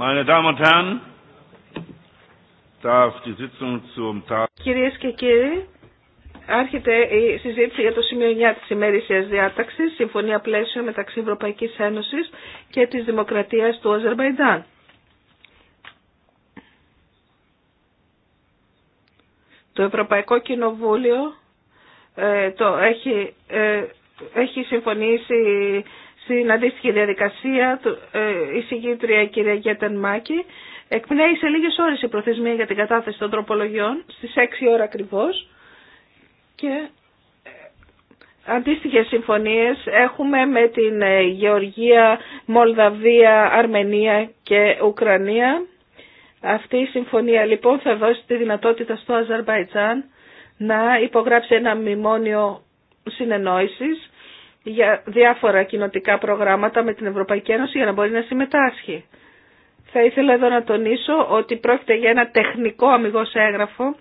Meine Damen und Herren, darf die Sitzung zum Tag. Κυρίες και κύριοι, άρχεται η συζήτηση για το σημείο 9 της ημέρησιας διάταξης, συμφωνία πλαίσιο μεταξύ Ευρωπαϊκής Ένωσης και της Δημοκρατίας του Αζερβαϊντάν. Το Ευρωπαϊκό Κοινοβούλιο ε, το έχει, ε, έχει συμφωνήσει στην αντίστοιχη διαδικασία του, ε, η συγκήτρια κυρία Γκέτεν Μάκη. Εκπνέει σε λίγες ώρες η προθεσμία για την κατάθεση των τροπολογιών, στις 6 ώρα ακριβώς. Και ε, αντίστοιχες συμφωνίες έχουμε με την ε, Γεωργία, Μολδαβία, Αρμενία και Ουκρανία. Αυτή η συμφωνία λοιπόν θα δώσει τη δυνατότητα στο Αζερβαϊτζάν να υπογράψει ένα μνημόνιο συνεννόησης για διάφορα κοινοτικά προγράμματα με την Ευρωπαϊκή Ένωση για να μπορεί να συμμετάσχει. Θα ήθελα εδώ να τονίσω ότι πρόκειται για ένα τεχνικό αμυγός έγγραφο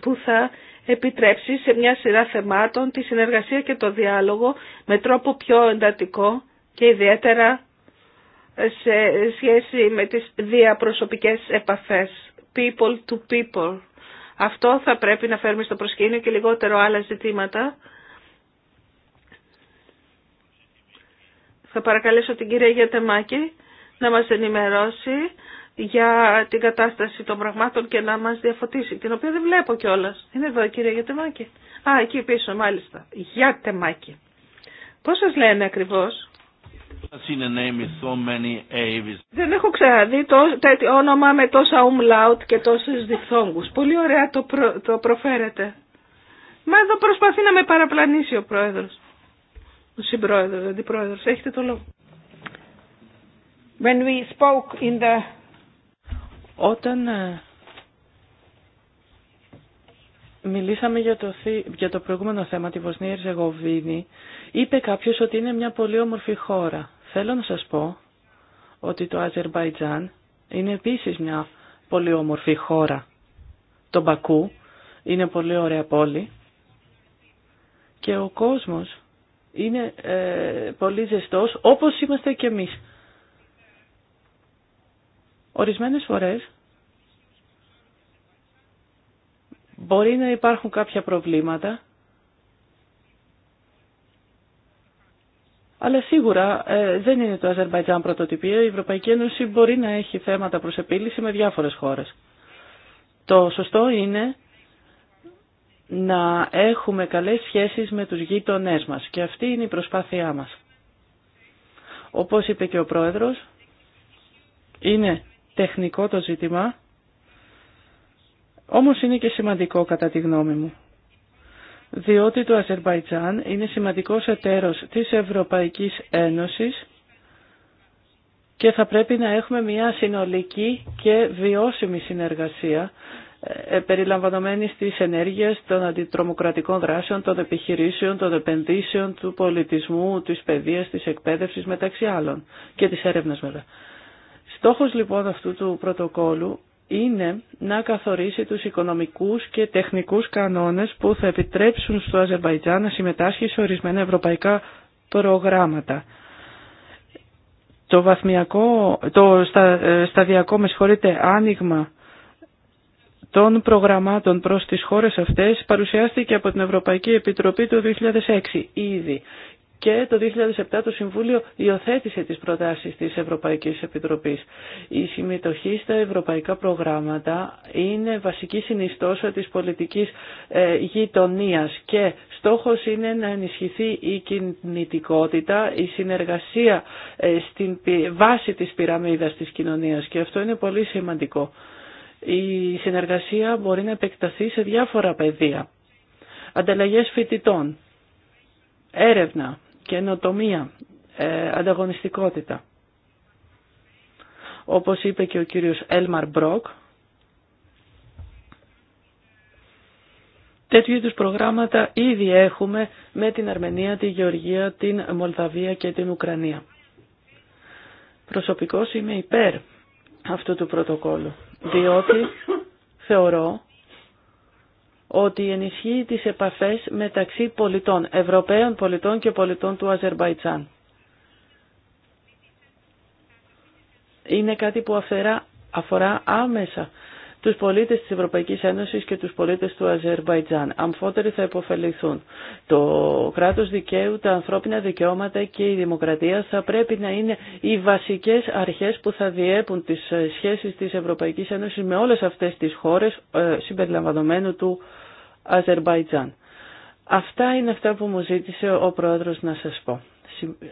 που θα επιτρέψει σε μια σειρά θεμάτων τη συνεργασία και το διάλογο με τρόπο πιο εντατικό και ιδιαίτερα σε σχέση με τις διαπροσωπικές επαφές. People to people. Αυτό θα πρέπει να φέρουμε στο προσκήνιο και λιγότερο άλλα ζητήματα Θα παρακαλέσω την κυρία Γιατεμάκη να μας ενημερώσει για την κατάσταση των πραγμάτων και να μας διαφωτίσει, την οποία δεν βλέπω κιόλα. Είναι εδώ η κυρία Γιατεμάκη. Α, εκεί πίσω μάλιστα. Γιατεμάκη. Πώς σας λένε ακριβώς. Δεν έχω ξαναδεί τέτοιο όνομα με τόσα umlaut και τόσες διφθόγκους. Πολύ ωραία το, το προφέρετε. Μα εδώ προσπαθεί να με παραπλανήσει ο πρόεδρος. Ο συμπρόεδρος, έχετε το λόγο. When we spoke in the... Όταν ε, μιλήσαμε για το, για το προηγούμενο θέμα, τη Βοσνία Ερζεγοβίνη, είπε κάποιος ότι είναι μια πολύ όμορφη χώρα. Θέλω να σας πω ότι το Αζερβαϊτζάν είναι επίσης μια πολύ όμορφη χώρα. Το Μπακού είναι πολύ ωραία πόλη και ο κόσμος είναι ε, πολύ ζεστός όπως είμαστε και εμείς. Ορισμένες φορές μπορεί να υπάρχουν κάποια προβλήματα Αλλά σίγουρα ε, δεν είναι το Αζερβαϊτζάν πρωτοτυπία. Η Ευρωπαϊκή Ένωση μπορεί να έχει θέματα προς επίλυση με διάφορες χώρες. Το σωστό είναι να έχουμε καλές σχέσεις με τους γείτονές μας και αυτή είναι η προσπάθειά μας. Όπως είπε και ο Πρόεδρος, είναι τεχνικό το ζήτημα, όμως είναι και σημαντικό κατά τη γνώμη μου. Διότι το Αζερβαϊτζάν είναι σημαντικός εταίρος της Ευρωπαϊκής Ένωσης και θα πρέπει να έχουμε μια συνολική και βιώσιμη συνεργασία ε, περιλαμβανωμένη της ενέργειας, των αντιτρομοκρατικών δράσεων, των επιχειρήσεων, των επενδύσεων, του πολιτισμού, της παιδείας, της εκπαίδευσης μεταξύ άλλων και της έρευνας βέβαια. Στόχος λοιπόν αυτού του πρωτοκόλου είναι να καθορίσει τους οικονομικούς και τεχνικούς κανόνες που θα επιτρέψουν στο Αζερβαϊτζάν να συμμετάσχει σε ορισμένα ευρωπαϊκά προγράμματα. Το, βαθμιακό, το ε, σταδιακό, με άνοιγμα των προγραμμάτων προς τις χώρες αυτές παρουσιάστηκε από την Ευρωπαϊκή Επιτροπή το 2006 ήδη και το 2007 το Συμβούλιο υιοθέτησε τις προτάσεις της Ευρωπαϊκής Επιτροπής. Η συμμετοχή στα ευρωπαϊκά προγράμματα είναι βασική συνιστόσα της πολιτικής ε, γειτονίας και στόχος είναι να ενισχυθεί η κινητικότητα, η συνεργασία ε, στην βάση της πυραμίδας της κοινωνίας και αυτό είναι πολύ σημαντικό η συνεργασία μπορεί να επεκταθεί σε διάφορα πεδία. Ανταλλαγές φοιτητών, έρευνα, καινοτομία, ε, ανταγωνιστικότητα. Όπως είπε και ο κύριος Έλμαρ Μπρόκ, Τέτοιου είδους προγράμματα ήδη έχουμε με την Αρμενία, τη Γεωργία, την Μολδαβία και την Ουκρανία. Προσωπικός είμαι υπέρ αυτού του πρωτοκόλλου διότι θεωρώ ότι ενισχύει τις επαφές μεταξύ πολιτών, Ευρωπαίων πολιτών και πολιτών του Αζερβαϊτζάν. Είναι κάτι που αφαιρά, αφορά άμεσα τους πολίτες της Ευρωπαϊκής Ένωσης και τους πολίτες του Αζερβαϊτζάν. Αμφότεροι θα υποφεληθούν. Το κράτος δικαίου, τα ανθρώπινα δικαιώματα και η δημοκρατία θα πρέπει να είναι οι βασικές αρχές που θα διέπουν τις σχέσεις της Ευρωπαϊκής Ένωσης με όλες αυτές τις χώρες ε, συμπεριλαμβανομένου του Αζερβαϊτζάν. Αυτά είναι αυτά που μου ζήτησε ο Πρόεδρος να σας πω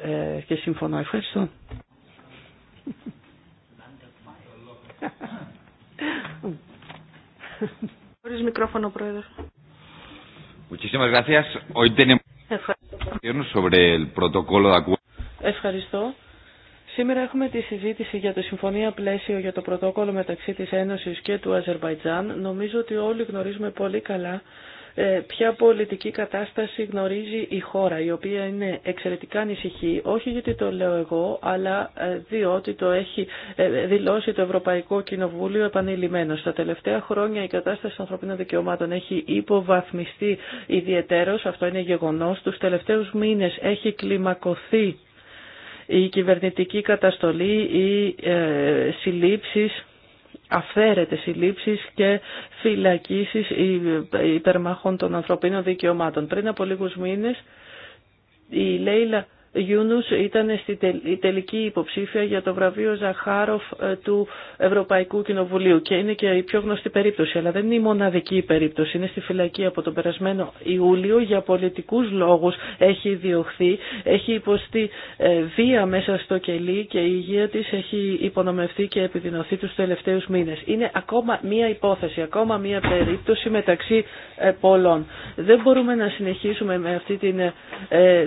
ε, και συμφωνώ. Ευχαριστώ. Χωρίς μικρόφωνο, Πρόεδρε. Ευχαριστώ. Σήμερα έχουμε τη συζήτηση για το Συμφωνία Πλαίσιο για το Πρωτόκολλο μεταξύ της Ένωσης και του Αζερβαϊτζάν. Νομίζω ότι όλοι γνωρίζουμε πολύ καλά ε, ποια πολιτική κατάσταση γνωρίζει η χώρα, η οποία είναι εξαιρετικά ανησυχή, όχι γιατί το λέω εγώ, αλλά ε, διότι το έχει ε, δηλώσει το Ευρωπαϊκό Κοινοβούλιο επανειλημμένο. Στα τελευταία χρόνια η κατάσταση των ανθρωπίνων δικαιωμάτων έχει υποβαθμιστεί ιδιαιτέρως, αυτό είναι γεγονός. Του τελευταίου μήνε έχει κλιμακωθεί η κυβερνητική καταστολή, οι ε, συλλήψεις, οι συλλήψει και φυλακίσεις υπερμαχών των ανθρωπίνων δικαιωμάτων. Πριν από λίγους μήνες η Λέιλα Γιούνους ήταν στη τελική υποψήφια για το βραβείο Ζαχάροφ ε, του Ευρωπαϊκού Κοινοβουλίου και είναι και η πιο γνωστή περίπτωση, αλλά δεν είναι η μοναδική περίπτωση. Είναι στη φυλακή από τον περασμένο Ιούλιο, για πολιτικούς λόγους έχει διωχθεί, έχει υποστεί ε, βία μέσα στο κελί και η υγεία της έχει υπονομευθεί και επιδεινωθεί τους τελευταίους μήνες. Είναι ακόμα μία υπόθεση, ακόμα μία περίπτωση μεταξύ ε, πολλών. Δεν μπορούμε να συνεχίσουμε με αυτή τη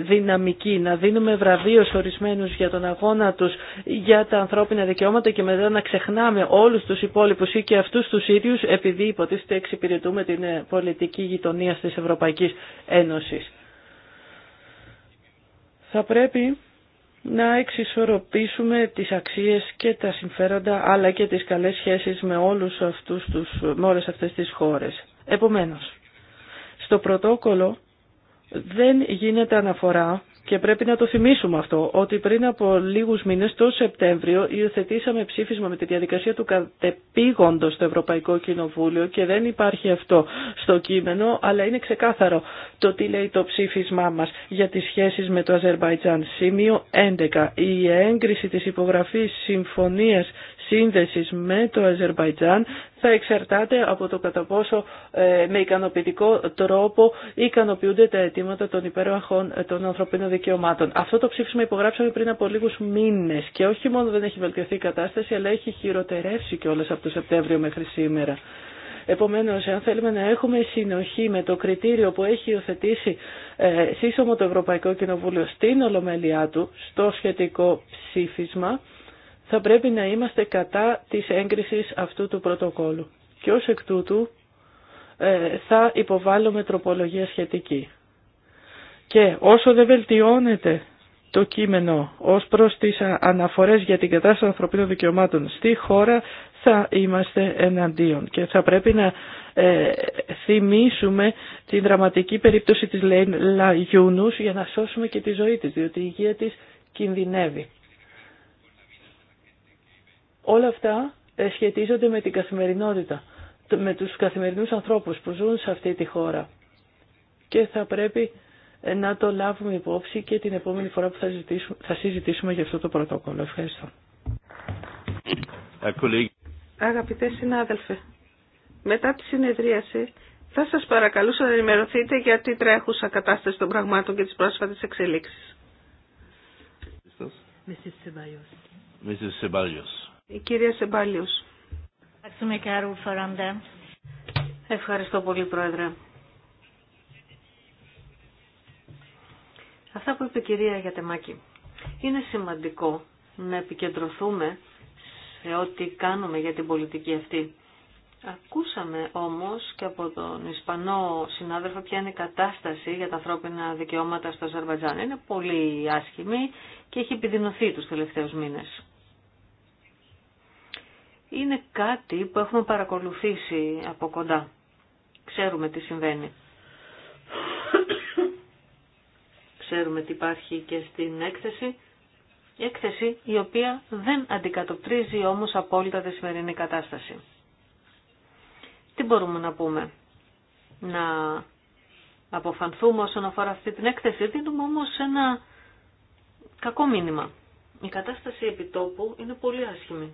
δυναμική, να δίνουμε βραβείο σε ορισμένους για τον αγώνα τους για τα ανθρώπινα δικαιώματα και μετά να ξεχνάμε όλους τους υπόλοιπους ή και αυτούς τους ίδιους επειδή υποτίθεται εξυπηρετούμε την ε, πολιτική γειτονία της Ευρωπαϊκής Ένωσης. Θα πρέπει να εξισορροπήσουμε τις αξίες και τα συμφέροντα αλλά και τις καλές σχέσεις με, όλους αυτούς τους, με όλες αυτές τις χώρες. Επομένως, στο πρωτόκολλο δεν γίνεται αναφορά και πρέπει να το θυμίσουμε αυτό, ότι πριν από λίγους μήνες, το Σεπτέμβριο, υιοθετήσαμε ψήφισμα με τη διαδικασία του κατεπήγοντος στο Ευρωπαϊκό Κοινοβούλιο και δεν υπάρχει αυτό στο κείμενο, αλλά είναι ξεκάθαρο το τι λέει το ψήφισμά μας για τις σχέσεις με το Αζερβαϊτζάν. Σημείο 11. Η έγκριση της υπογραφής συμφωνίας σύνδεσης με το Αζερβαϊτζάν θα εξαρτάται από το κατά πόσο ε, με ικανοποιητικό τρόπο ικανοποιούνται τα αιτήματα των υπέροχων ε, των ανθρωπίνων δικαιωμάτων. Αυτό το ψήφισμα υπογράψαμε πριν από λίγου μήνε και όχι μόνο δεν έχει βελτιωθεί η κατάσταση, αλλά έχει χειροτερεύσει κιόλα από το Σεπτέμβριο μέχρι σήμερα. Επομένω, αν θέλουμε να έχουμε συνοχή με το κριτήριο που έχει υιοθετήσει ε, σύσσωμο το Ευρωπαϊκό Κοινοβούλιο στην Ολομέλειά του, στο σχετικό ψήφισμα, θα πρέπει να είμαστε κατά της έγκρισης αυτού του πρωτοκόλου. Και ως εκ τούτου ε, θα υποβάλλουμε τροπολογία σχετική. Και όσο δεν βελτιώνεται το κείμενο ως προς τις αναφορές για την κατάσταση των ανθρωπίνων δικαιωμάτων στη χώρα θα είμαστε εναντίον και θα πρέπει να ε, θυμίσουμε την δραματική περίπτωση της Λέιν για να σώσουμε και τη ζωή της, διότι η υγεία της κινδυνεύει. Όλα αυτά ε, σχετίζονται με την καθημερινότητα, με τους καθημερινούς ανθρώπους που ζουν σε αυτή τη χώρα. Και θα πρέπει ε, να το λάβουμε υπόψη και την επόμενη φορά που θα, συζητήσουμε, θα συζητήσουμε για αυτό το πρωτόκολλο. Ευχαριστώ. Αγαπητέ συνάδελφε, μετά τη συνεδρίαση θα σας παρακαλούσα να ενημερωθείτε για τη τρέχουσα κατάσταση των πραγμάτων και τις πρόσφατες εξελίξεις. Mrs. Η κυρία Σεμπάλιους. Ευχαριστώ πολύ, Πρόεδρε. Αυτά που είπε η κυρία Γιατεμάκη. Είναι σημαντικό να επικεντρωθούμε σε ό,τι κάνουμε για την πολιτική αυτή. Ακούσαμε όμως και από τον Ισπανό συνάδελφο ποια είναι η κατάσταση για τα ανθρώπινα δικαιώματα στο Αζερβαϊτζάν. Είναι πολύ άσχημη και έχει επιδεινωθεί τους τελευταίους μήνες είναι κάτι που έχουμε παρακολουθήσει από κοντά. Ξέρουμε τι συμβαίνει. Ξέρουμε τι υπάρχει και στην έκθεση. έκθεση η οποία δεν αντικατοπτρίζει όμως απόλυτα τη σημερινή κατάσταση. Τι μπορούμε να πούμε. Να αποφανθούμε όσον αφορά αυτή την έκθεση. Δίνουμε όμως ένα κακό μήνυμα. Η κατάσταση επιτόπου είναι πολύ άσχημη.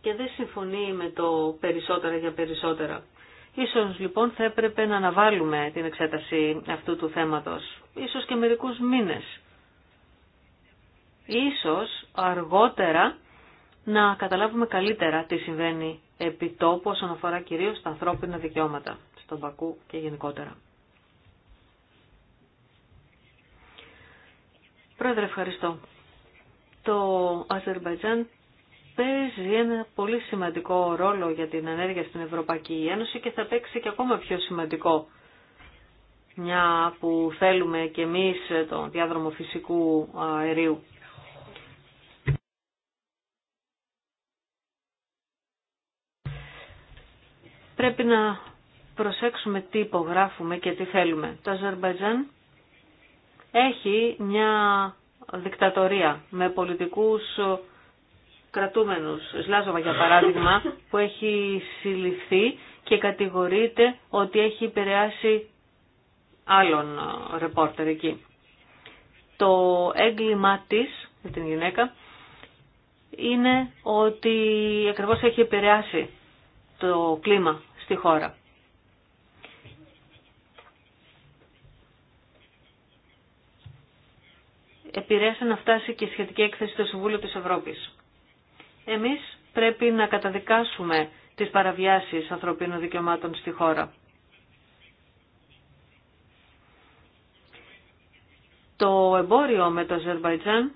και δεν συμφωνεί με το περισσότερα για περισσότερα. Ίσως λοιπόν θα έπρεπε να αναβάλουμε την εξέταση αυτού του θέματος, ίσως και μερικούς μήνες. Ίσως αργότερα να καταλάβουμε καλύτερα τι συμβαίνει επί τόπου όσον αφορά κυρίως τα ανθρώπινα δικαιώματα στον Πακού και γενικότερα. Πρόεδρε, ευχαριστώ. Το Αζερβαϊτζάν παίζει ένα πολύ σημαντικό ρόλο για την ενέργεια στην Ευρωπαϊκή Ένωση και θα παίξει και ακόμα πιο σημαντικό. Μια που θέλουμε και εμείς τον διάδρομο φυσικού αερίου. Πρέπει να προσέξουμε τι υπογράφουμε και τι θέλουμε. Το Αζερμπαϊτζάν έχει μια δικτατορία με πολιτικούς κρατούμενους. Σλάζοβα για παράδειγμα που έχει συλληφθεί και κατηγορείται ότι έχει επηρεάσει άλλον ε, ρεπόρτερ εκεί. Το έγκλημά της με την γυναίκα είναι ότι ακριβώς έχει επηρεάσει το κλίμα στη χώρα. Επηρέασε να φτάσει και η σχετική έκθεση στο Συμβούλιο της Ευρώπης. Εμείς πρέπει να καταδικάσουμε τις παραβιάσεις ανθρωπίνων δικαιωμάτων στη χώρα. Το εμπόριο με το Αζερβαϊτζάν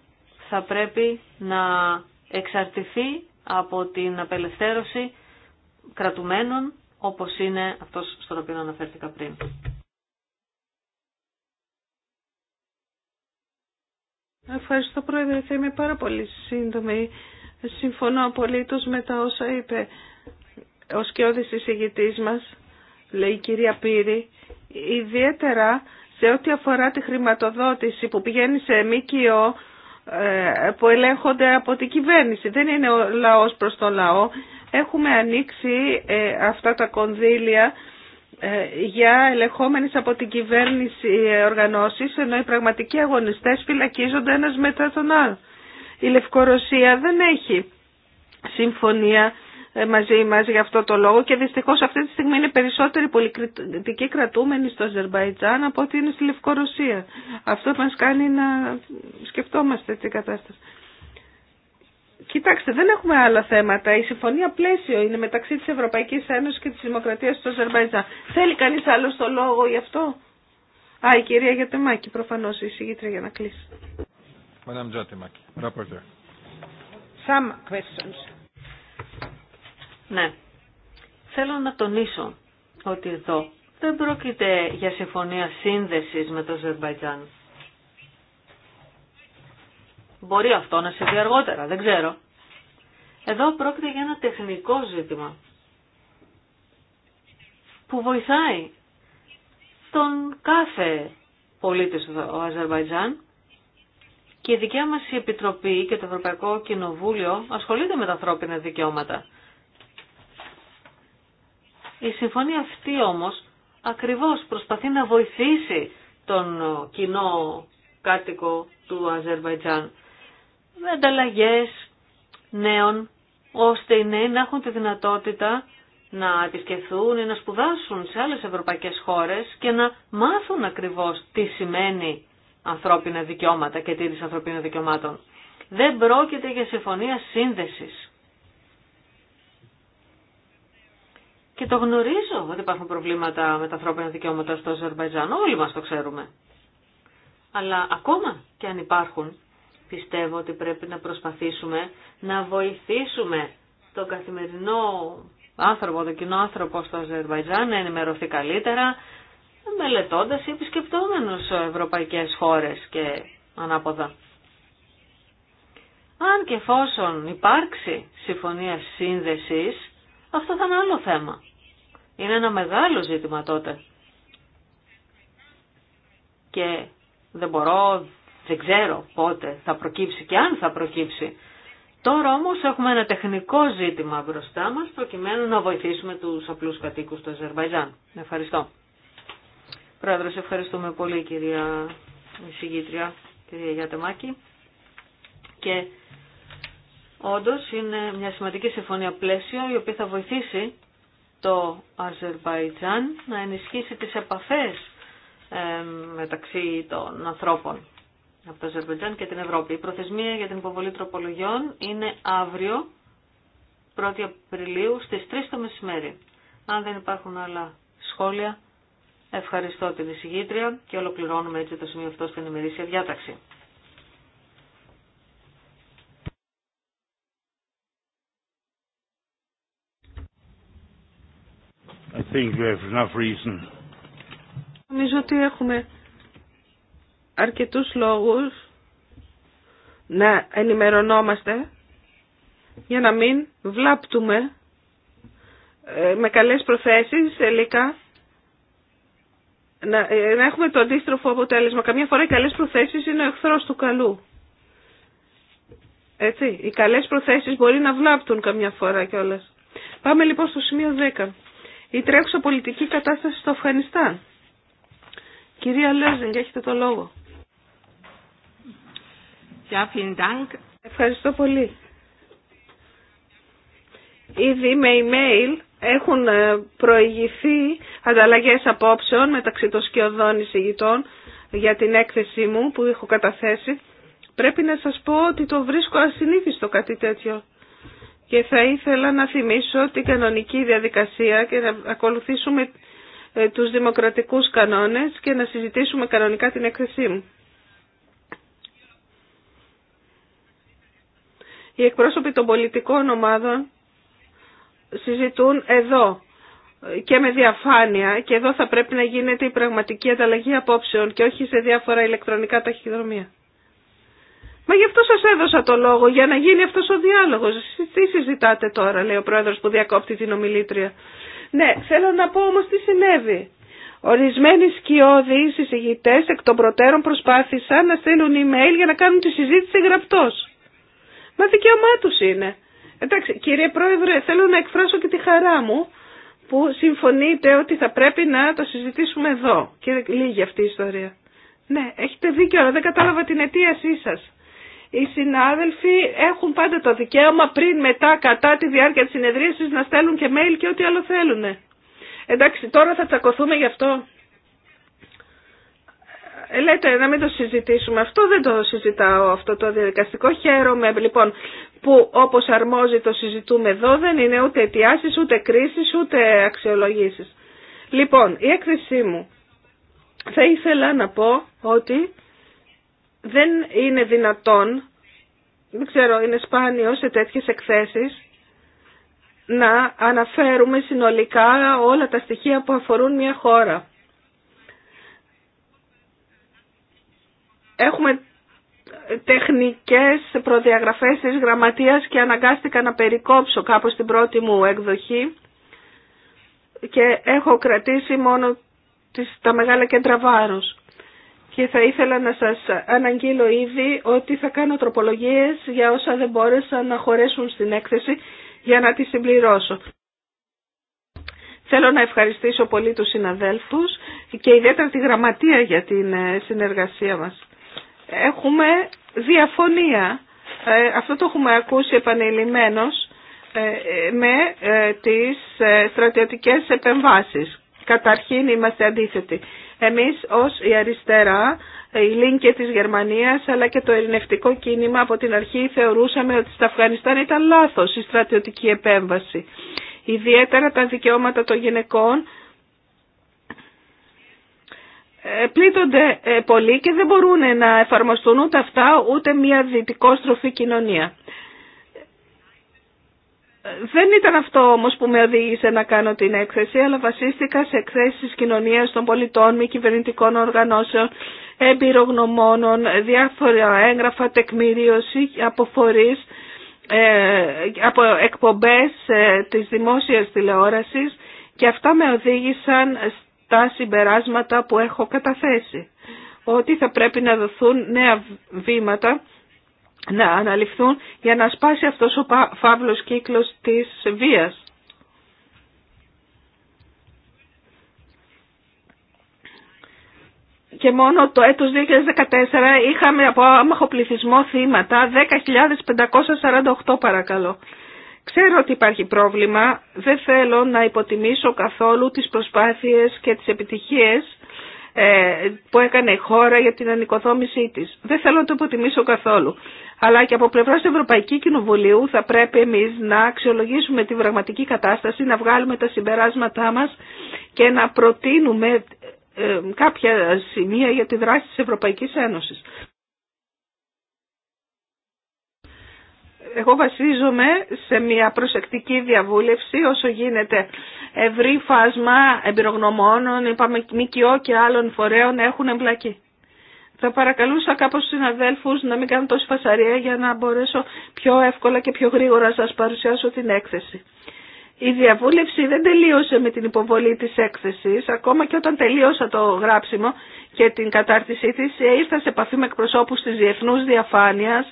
θα πρέπει να εξαρτηθεί από την απελευθέρωση κρατουμένων όπως είναι αυτός στον οποίο αναφέρθηκα πριν. Ευχαριστώ Πρόεδρε, θα είμαι πάρα πολύ σύντομη. Συμφωνώ απολύτως με τα όσα είπε ο σκιώδης εισηγητής μας, λέει η κυρία Πύρη, ιδιαίτερα σε ό,τι αφορά τη χρηματοδότηση που πηγαίνει σε ΜΚΟ ε, που ελέγχονται από την κυβέρνηση. Δεν είναι ο λαός προς το λαό. Έχουμε ανοίξει ε, αυτά τα κονδύλια ε, για ελεγχόμενες από την κυβέρνηση οργανώσεις, ενώ οι πραγματικοί αγωνιστές φυλακίζονται ένας μετά τον άλλο. Η Λευκορωσία δεν έχει συμφωνία ε, μαζί μας για αυτό το λόγο και δυστυχώς αυτή τη στιγμή είναι περισσότεροι πολυκριτικοί κρατούμενοι στο Αζερβαϊτζάν από ότι είναι στη Λευκορωσία. Αυτό μας κάνει να σκεφτόμαστε την κατάσταση. Κοιτάξτε, δεν έχουμε άλλα θέματα. Η συμφωνία πλαίσιο είναι μεταξύ της Ευρωπαϊκής Ένωσης και της Δημοκρατίας του Αζερβαϊτζάν. Θέλει κανείς άλλο το λόγο γι' αυτό. Α, η κυρία Γιατεμάκη προφανώς η συγγήτρια για να κλείσει. Madame rapporteur. Some questions. Ναι. Θέλω να τονίσω ότι εδώ δεν πρόκειται για συμφωνία σύνδεσης με το Αζερβαϊτζάν. Μπορεί αυτό να συμβεί αργότερα, δεν ξέρω. Εδώ πρόκειται για ένα τεχνικό ζήτημα που βοηθάει τον κάθε πολίτη του Αζερβαϊτζάν και η δικιά μας η Επιτροπή και το Ευρωπαϊκό Κοινοβούλιο ασχολούνται με τα ανθρώπινα δικαιώματα. Η συμφωνία αυτή όμως ακριβώς προσπαθεί να βοηθήσει τον κοινό κάτοικο του Αζερβαϊτζάν με ανταλλαγέ νέων, ώστε οι νέοι να έχουν τη δυνατότητα να επισκεφθούν ή να σπουδάσουν σε άλλες ευρωπαϊκές χώρες και να μάθουν ακριβώς τι σημαίνει ανθρώπινα δικαιώματα και τήρηση ανθρωπίνων δικαιωμάτων. Δεν πρόκειται για συμφωνία σύνδεσης. Και το γνωρίζω ότι υπάρχουν προβλήματα με τα ανθρώπινα δικαιώματα στο Αζερβαϊτζάν. Όλοι μας το ξέρουμε. Αλλά ακόμα και αν υπάρχουν, πιστεύω ότι πρέπει να προσπαθήσουμε να βοηθήσουμε τον καθημερινό άνθρωπο, τον κοινό άνθρωπο στο Αζερβαϊτζάν να ενημερωθεί καλύτερα, μελετώντας ή επισκεπτόμενος ευρωπαϊκές χώρες και ανάποδα. Αν και εφόσον υπάρξει συμφωνία σύνδεσης, αυτό θα είναι άλλο θέμα. Είναι ένα μεγάλο ζήτημα τότε. Και δεν μπορώ, δεν ξέρω πότε θα προκύψει και αν θα προκύψει. Τώρα όμως έχουμε ένα τεχνικό ζήτημα μπροστά μας προκειμένου να βοηθήσουμε τους απλούς κατοίκους του Αζερβαϊζάν. Ευχαριστώ. Πρόεδρος, ευχαριστούμε πολύ κυρία εισηγήτρια, κυρία Γιάτεμάκη. Και όντως είναι μια σημαντική συμφωνία πλαίσιο η οποία θα βοηθήσει το Αζερβαϊτζάν να ενισχύσει τις επαφές ε, μεταξύ των ανθρώπων από το Αζερβαϊτζάν και την Ευρώπη. Η προθεσμία για την υποβολή τροπολογιών είναι αύριο, 1η Απριλίου, στις 3 το μεσημέρι. Αν δεν υπάρχουν άλλα σχόλια, Ευχαριστώ την εισηγήτρια και ολοκληρώνουμε έτσι το σημείο αυτό στην ημερήσια διάταξη. Νομίζω ότι έχουμε αρκετούς λόγους να ενημερωνόμαστε για να μην βλάπτουμε ε, με καλές προθέσεις τελικά να, ε, να έχουμε το αντίστροφο αποτέλεσμα. Καμιά φορά οι καλές προθέσεις είναι ο εχθρός του καλού. Έτσι, οι καλές προθέσεις μπορεί να βλάπτουν καμιά φορά κιόλα. Πάμε λοιπόν στο σημείο 10. Η τρέχουσα πολιτική κατάσταση στο Αφγανιστάν. Κυρία Λέζεν, έχετε το λόγο. Ευχαριστώ πολύ. Ήδη με email έχουν ε, προηγηθεί ανταλλαγές απόψεων μεταξύ των σκιωδών εισηγητών για την έκθεσή μου που έχω καταθέσει. Πρέπει να σας πω ότι το βρίσκω ασυνήθιστο κάτι τέτοιο. Και θα ήθελα να θυμίσω την κανονική διαδικασία και να ακολουθήσουμε ε, τους δημοκρατικούς κανόνες και να συζητήσουμε κανονικά την έκθεσή μου. Οι εκπρόσωποι των πολιτικών ομάδων συζητούν εδώ και με διαφάνεια και εδώ θα πρέπει να γίνεται η πραγματική ανταλλαγή απόψεων και όχι σε διάφορα ηλεκτρονικά ταχυδρομεία. Μα γι' αυτό σας έδωσα το λόγο, για να γίνει αυτός ο διάλογος. Τι συζητάτε τώρα, λέει ο πρόεδρος που διακόπτει την ομιλήτρια. Ναι, θέλω να πω όμως τι συνέβη. Ορισμένοι σκιώδοι συζητητές εκ των προτέρων προσπάθησαν να στείλουν email για να κάνουν τη συζήτηση γραπτός. Μα δικαίωμά τους είναι. Εντάξει, κύριε Πρόεδρε, θέλω να εκφράσω και τη χαρά μου που συμφωνείτε ότι θα πρέπει να το συζητήσουμε εδώ. Και λίγη αυτή η ιστορία. Ναι, έχετε δίκιο, αλλά δεν κατάλαβα την αιτίασή σας. Οι συνάδελφοι έχουν πάντα το δικαίωμα πριν, μετά, κατά τη διάρκεια της συνεδρίασης να στέλνουν και mail και ό,τι άλλο θέλουν. Εντάξει, τώρα θα τσακωθούμε γι' αυτό. Ε, λέτε να μην το συζητήσουμε. Αυτό δεν το συζητάω αυτό το διαδικαστικό. Χαίρομαι λοιπόν που όπως αρμόζει το συζητούμε εδώ δεν είναι ούτε αιτιάσεις, ούτε κρίσεις, ούτε αξιολογήσεις. Λοιπόν, η έκθεσή μου. Θα ήθελα να πω ότι δεν είναι δυνατόν, δεν ξέρω, είναι σπάνιο σε τέτοιες εκθέσεις, να αναφέρουμε συνολικά όλα τα στοιχεία που αφορούν μια χώρα. έχουμε τεχνικές προδιαγραφές της γραμματείας και αναγκάστηκα να περικόψω κάπως την πρώτη μου εκδοχή και έχω κρατήσει μόνο τις, τα μεγάλα κέντρα βάρους. Και θα ήθελα να σας αναγγείλω ήδη ότι θα κάνω τροπολογίες για όσα δεν μπόρεσα να χωρέσουν στην έκθεση για να τις συμπληρώσω. Θέλω να ευχαριστήσω πολύ τους συναδέλφους και ιδιαίτερα τη γραμματεία για την συνεργασία μας έχουμε διαφωνία. Ε, αυτό το έχουμε ακούσει επανειλημμένως ε, με ε, τις στρατιωτικές επεμβάσεις. Καταρχήν είμαστε αντίθετοι. Εμείς ως η αριστερά, η Λίνκε της Γερμανίας αλλά και το ειρηνευτικό κίνημα από την αρχή θεωρούσαμε ότι στα Αφγανιστάν ήταν λάθος η στρατιωτική επέμβαση. Ιδιαίτερα τα δικαιώματα των γυναικών ε, πλήττονται ε, πολύ και δεν μπορούν να εφαρμοστούν ούτε αυτά ούτε μια δυτικόστροφη κοινωνία. Δεν ήταν αυτό όμως που με οδήγησε να κάνω την έκθεση, αλλά βασίστηκα σε εκθέσεις κοινωνίας των πολιτών, μη κυβερνητικών οργανώσεων, εμπειρογνωμόνων, διάφορα έγγραφα, τεκμηρίωση από φορείς, ε, από εκπομπές της δημόσιας τηλεόρασης και αυτά με οδήγησαν τα συμπεράσματα που έχω καταθέσει. Ότι θα πρέπει να δοθούν νέα βήματα να αναλυφθούν για να σπάσει αυτός ο φαύλος κύκλος της βίας. και μόνο το έτος 2014 είχαμε από άμαχο πληθυσμό θύματα 10.548 παρακαλώ. Ξέρω ότι υπάρχει πρόβλημα, δεν θέλω να υποτιμήσω καθόλου τις προσπάθειες και τις επιτυχίες ε, που έκανε η χώρα για την ανοικοδόμησή της. Δεν θέλω να το υποτιμήσω καθόλου. Αλλά και από πλευράς του Ευρωπαϊκού Κοινοβουλίου θα πρέπει εμείς να αξιολογήσουμε την πραγματική κατάσταση, να βγάλουμε τα συμπεράσματά μας και να προτείνουμε ε, κάποια σημεία για τη δράση της Ευρωπαϊκής Ένωσης. εγώ βασίζομαι σε μια προσεκτική διαβούλευση όσο γίνεται ευρύ φάσμα εμπειρογνωμόνων, είπαμε ΜΚΟ και άλλων φορέων έχουν εμπλακεί. Θα παρακαλούσα κάπως τους συναδέλφους να μην κάνουν τόση φασαρία για να μπορέσω πιο εύκολα και πιο γρήγορα να σας παρουσιάσω την έκθεση. Η διαβούλευση δεν τελείωσε με την υποβολή της έκθεσης, ακόμα και όταν τελείωσα το γράψιμο και την κατάρτισή της, ε, ήρθα σε επαφή με εκπροσώπους της Διεθνούς Διαφάνειας,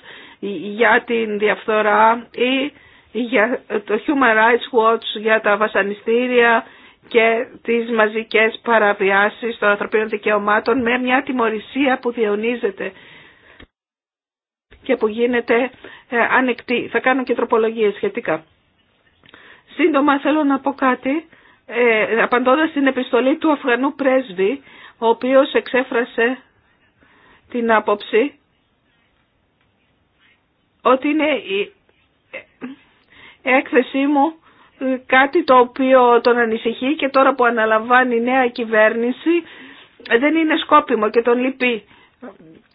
για την διαφθορά ή για το Human Rights Watch για τα βασανιστήρια και τις μαζικές παραβιάσεις των ανθρωπίνων δικαιωμάτων με μια τιμωρησία που διαιωνίζεται και που γίνεται ε, ανεκτή. Θα κάνω και τροπολογίες σχετικά. Σύντομα θέλω να πω κάτι ε, απαντώντας στην επιστολή του Αφγανού πρέσβη ο οποίος εξέφρασε την άποψη ότι είναι η έκθεσή μου κάτι το οποίο τον ανησυχεί και τώρα που αναλαμβάνει η νέα κυβέρνηση δεν είναι σκόπιμο και τον λυπεί.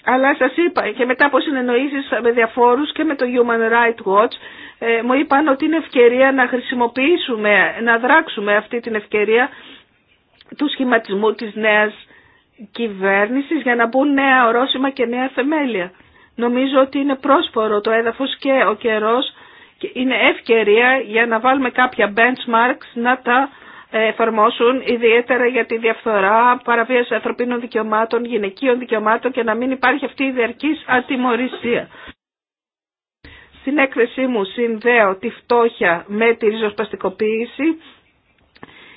Αλλά σας είπα και μετά από συνεννοήσεις με διαφόρους και με το Human Rights Watch ε, μου είπαν ότι είναι ευκαιρία να χρησιμοποιήσουμε, να δράξουμε αυτή την ευκαιρία του σχηματισμού της νέας κυβέρνησης για να μπουν νέα ορόσημα και νέα θεμέλια. Νομίζω ότι είναι πρόσφορο το έδαφος και ο καιρός είναι ευκαιρία για να βάλουμε κάποια benchmarks να τα εφαρμόσουν ιδιαίτερα για τη διαφθορά, παραβίαση ανθρωπίνων δικαιωμάτων, γυναικείων δικαιωμάτων και να μην υπάρχει αυτή η διαρκής ατιμορρησία. Στην έκθεσή μου συνδέω τη φτώχεια με τη ριζοσπαστικοποίηση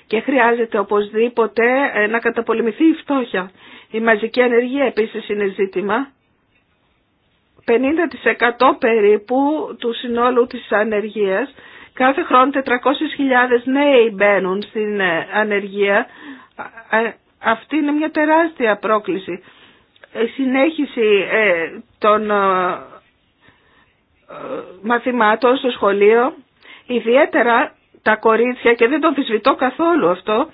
και χρειάζεται οπωσδήποτε να καταπολεμηθεί η φτώχεια. Η μαζική ανεργία επίσης είναι ζήτημα 50% περίπου του συνόλου της ανεργίας. Κάθε χρόνο 400.000 νέοι μπαίνουν στην ε, ανεργία. Αυτή είναι μια τεράστια πρόκληση. Η συνέχιση ε, των ε, μαθημάτων στο σχολείο, ιδιαίτερα τα κορίτσια, και δεν το αμφισβητώ καθόλου αυτό,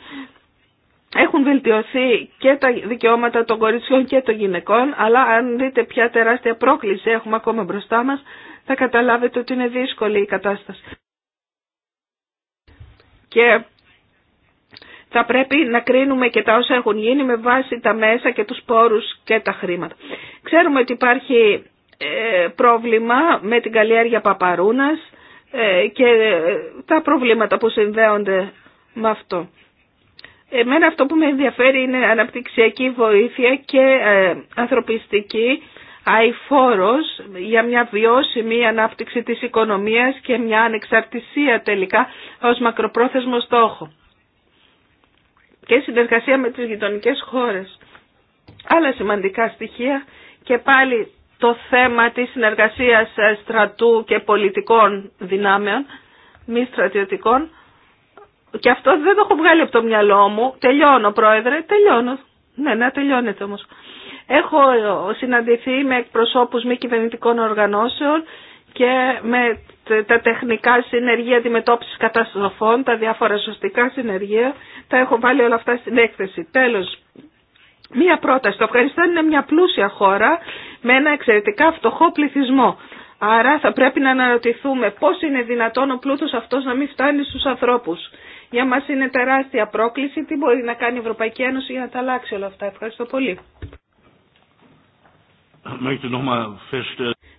έχουν βελτιωθεί και τα δικαιώματα των κοριτσιών και των γυναικών, αλλά αν δείτε ποια τεράστια πρόκληση έχουμε ακόμα μπροστά μας, θα καταλάβετε ότι είναι δύσκολη η κατάσταση. Και θα πρέπει να κρίνουμε και τα όσα έχουν γίνει με βάση τα μέσα και τους πόρους και τα χρήματα. Ξέρουμε ότι υπάρχει ε, πρόβλημα με την καλλιέργεια παπαρούνας ε, και τα προβλήματα που συνδέονται με αυτό. Εμένα αυτό που με ενδιαφέρει είναι αναπτυξιακή βοήθεια και ε, ανθρωπιστική αηφόρος για μια βιώσιμη ανάπτυξη της οικονομίας και μια ανεξαρτησία τελικά ως μακροπρόθεσμο στόχο. Και συνεργασία με τις γειτονικές χώρες. Άλλα σημαντικά στοιχεία και πάλι το θέμα της συνεργασίας στρατού και πολιτικών δυνάμεων, μη στρατιωτικών, και αυτό δεν το έχω βγάλει από το μυαλό μου. Τελειώνω, πρόεδρε, τελειώνω. Ναι, να τελειώνεται όμως. Έχω συναντηθεί με εκπροσώπους μη κυβερνητικών οργανώσεων και με τα τεχνικά συνεργεία αντιμετώπιση καταστροφών, τα διάφορα σωστικά συνεργεία. Τα έχω βάλει όλα αυτά στην έκθεση. Τέλος, μία πρόταση. Το Αφγανιστάν είναι μια πλούσια χώρα με ένα εξαιρετικά φτωχό πληθυσμό. Άρα θα πρέπει να αναρωτηθούμε πώς είναι δυνατόν ο πλούτος αυτός να μην φτάνει στους ανθρώπους για μας είναι τεράστια πρόκληση. Τι μπορεί να κάνει η Ευρωπαϊκή Ένωση για να τα αλλάξει όλα αυτά. Ευχαριστώ πολύ.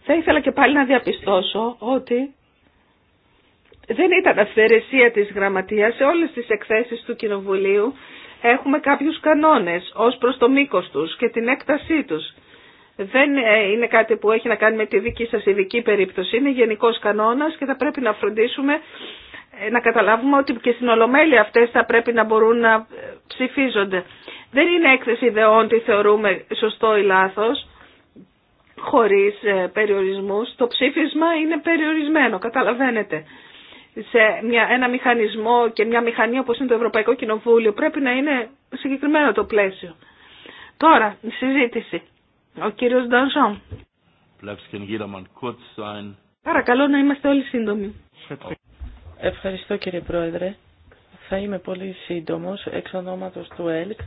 Θα ήθελα και πάλι να διαπιστώσω ότι δεν ήταν αυθαιρεσία της γραμματείας σε όλες τις εκθέσεις του Κοινοβουλίου έχουμε κάποιους κανόνες ως προς το μήκος τους και την έκτασή τους. Δεν ε, είναι κάτι που έχει να κάνει με τη δική σας ειδική περίπτωση. Είναι γενικός κανόνας και θα πρέπει να φροντίσουμε ε, να καταλάβουμε ότι και στην Ολομέλεια αυτές θα πρέπει να μπορούν να ε, ψηφίζονται. Δεν είναι έκθεση ιδεών τι θεωρούμε σωστό ή λάθος, χωρίς ε, περιορισμούς. Το ψήφισμα είναι περιορισμένο, καταλαβαίνετε. Σε μια, ένα μηχανισμό και μια μηχανή όπως είναι το Ευρωπαϊκό Κοινοβούλιο πρέπει να είναι συγκεκριμένο το πλαίσιο. Τώρα, η συζήτηση. Ο κύριος Ντανζόν. Παρακαλώ να είμαστε όλοι σύντομοι. Ευχαριστώ κύριε Πρόεδρε. Θα είμαι πολύ σύντομος εξ του ΕΛΚ.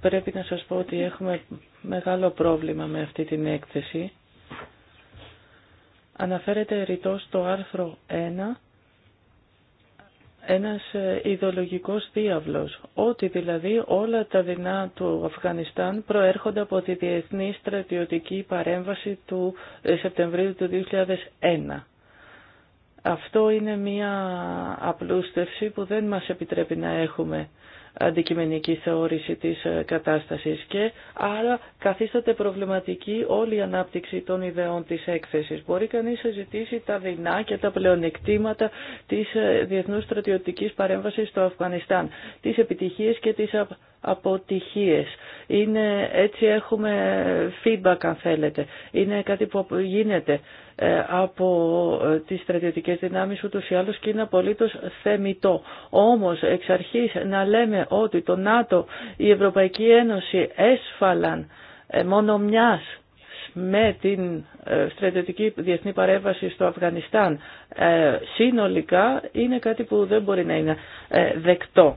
Πρέπει να σας πω ότι έχουμε μεγάλο πρόβλημα με αυτή την έκθεση. Αναφέρεται ρητό στο άρθρο 1 ένας ε, ιδεολογικός διάβλος, ότι δηλαδή όλα τα δεινά του Αφγανιστάν προέρχονται από τη διεθνή στρατιωτική παρέμβαση του ε, Σεπτεμβρίου του 2001. Αυτό είναι μία απλούστευση που δεν μας επιτρέπει να έχουμε αντικειμενική θεώρηση της ε, κατάστασης και άρα καθίσταται προβληματική όλη η ανάπτυξη των ιδεών της έκθεσης. Μπορεί κανείς να ζητήσει τα δεινά και τα πλεονεκτήματα της ε, διεθνούς στρατιωτικής παρέμβασης στο Αφγανιστάν, τις επιτυχίες και τις αποτυχίες. Είναι, έτσι έχουμε ε, feedback αν θέλετε. Είναι κάτι που γίνεται ε, από ε, τις στρατιωτικές δυνάμεις ούτως ή άλλως και είναι απολύτως θεμητό. Όμως εξ αρχής να λέμε ότι το ΝΑΤΟ, η Ευρωπαϊκή Ένωση έσφαλαν ε, μόνο μιας με την στρατιωτική διεθνή παρέμβαση στο Αφγανιστάν συνολικά είναι κάτι που δεν μπορεί να είναι δεκτό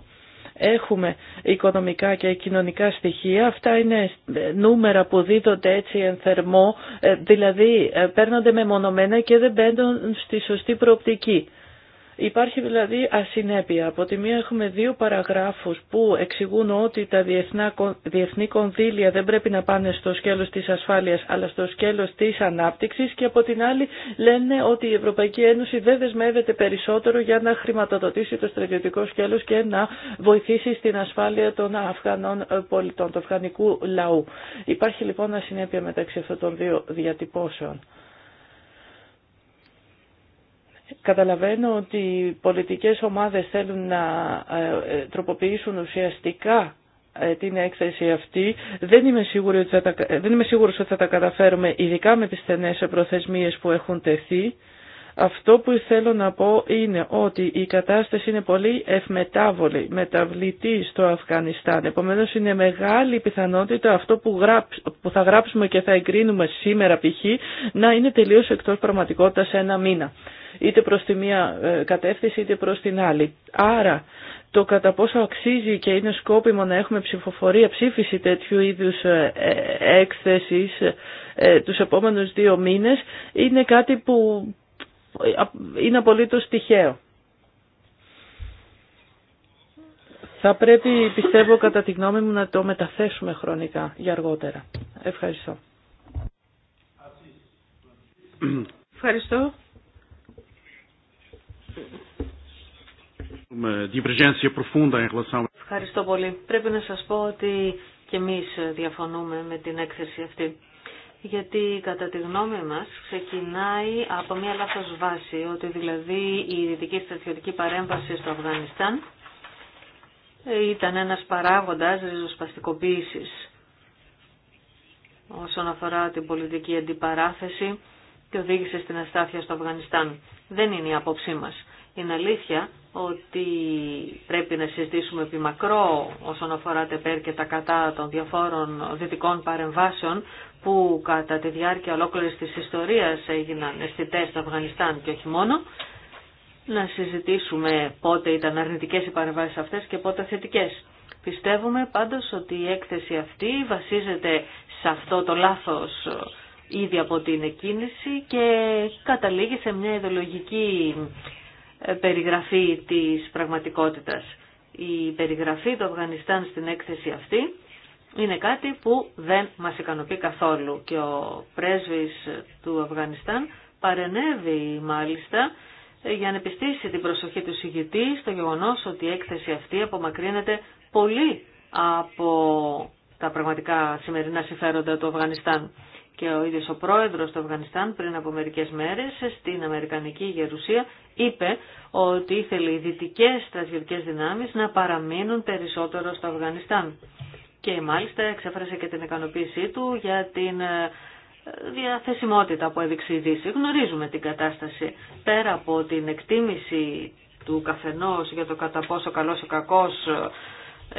έχουμε οικονομικά και κοινωνικά στοιχεία. Αυτά είναι νούμερα που δίδονται έτσι εν θερμό, ε, δηλαδή ε, παίρνονται μεμονωμένα και δεν μπαίνουν στη σωστή προοπτική. Υπάρχει δηλαδή ασυνέπεια. Από τη μία έχουμε δύο παραγράφους που εξηγούν ότι τα διεθνή κονδύλια δεν πρέπει να πάνε στο σκέλος της ασφάλειας αλλά στο σκέλος της ανάπτυξης και από την άλλη λένε ότι η Ευρωπαϊκή Ένωση δεν δεσμεύεται περισσότερο για να χρηματοδοτήσει το στρατιωτικό σκέλος και να βοηθήσει στην ασφάλεια των Αφγανών ε, πολιτών, του Αφγανικού λαού. Υπάρχει λοιπόν ασυνέπεια μεταξύ αυτών των δύο διατυπώσεων. Καταλαβαίνω ότι οι πολιτικές ομάδες θέλουν να ε, ε, τροποποιήσουν ουσιαστικά ε, την έκθεση αυτή. Δεν είμαι, σίγουρη ότι θα τα, δεν σίγουρος ότι θα τα καταφέρουμε, ειδικά με τις στενές προθεσμίες που έχουν τεθεί. Αυτό που θέλω να πω είναι ότι η κατάσταση είναι πολύ ευμετάβολη, μεταβλητή στο Αφγανιστάν. Επομένως είναι μεγάλη πιθανότητα αυτό που, θα γράψουμε και θα εγκρίνουμε σήμερα π.χ. να είναι τελείως εκτός πραγματικότητας σε ένα μήνα είτε προς τη μία ε, κατεύθυνση είτε προς την άλλη. Άρα το κατά πόσο αξίζει και είναι σκόπιμο να έχουμε ψηφοφορία ψήφιση τέτοιου είδους ε, ε, έκθεσης τους επόμενους δύο μήνες είναι κάτι που είναι απολύτως τυχαίο. Θα πρέπει, πιστεύω, κατά τη γνώμη μου να το μεταθέσουμε χρονικά για αργότερα. Ευχαριστώ. Ευχαριστώ. Ευχαριστώ πολύ. Πρέπει να σας πω ότι και εμείς διαφωνούμε με την έκθεση αυτή. Γιατί κατά τη γνώμη μας ξεκινάει από μια λάθος βάση, ότι δηλαδή η δυτική στρατιωτική παρέμβαση στο Αφγανιστάν ήταν ένας παράγοντας ριζοσπαστικοποίησης όσον αφορά την πολιτική αντιπαράθεση και οδήγησε στην αστάθεια στο Αφγανιστάν. Δεν είναι η άποψή μας. Είναι αλήθεια ότι πρέπει να συζητήσουμε επί μακρό όσον αφορά τα υπέρ και τα κατά των διαφόρων δυτικών παρεμβάσεων που κατά τη διάρκεια ολόκληρη τη ιστορία έγιναν αισθητέ στο Αφγανιστάν και όχι μόνο. Να συζητήσουμε πότε ήταν αρνητικέ οι παρεμβάσεις αυτές και πότε θετικέ. Πιστεύουμε πάντως ότι η έκθεση αυτή βασίζεται σε αυτό το λάθος ήδη από την εκκίνηση και καταλήγει σε μια ιδεολογική ε, περιγραφή της πραγματικότητας. Η περιγραφή του Αφγανιστάν στην έκθεση αυτή είναι κάτι που δεν μας ικανοποιεί καθόλου και ο πρέσβης του Αφγανιστάν παρενέβη μάλιστα για να επιστήσει την προσοχή του συγητή στο γεγονός ότι η έκθεση αυτή απομακρύνεται πολύ από τα πραγματικά σημερινά συμφέροντα του Αφγανιστάν και ο ίδιος ο πρόεδρος του Αφγανιστάν πριν από μερικές μέρες στην Αμερικανική Γερουσία είπε ότι ήθελε οι δυτικές στρατιωτικές δυνάμεις να παραμείνουν περισσότερο στο Αφγανιστάν. Και μάλιστα εξέφρασε και την ικανοποίησή του για την ε, διαθεσιμότητα που έδειξε η Δύση. Γνωρίζουμε την κατάσταση. Πέρα από την εκτίμηση του καθενός για το κατά πόσο καλός ή κακός ε,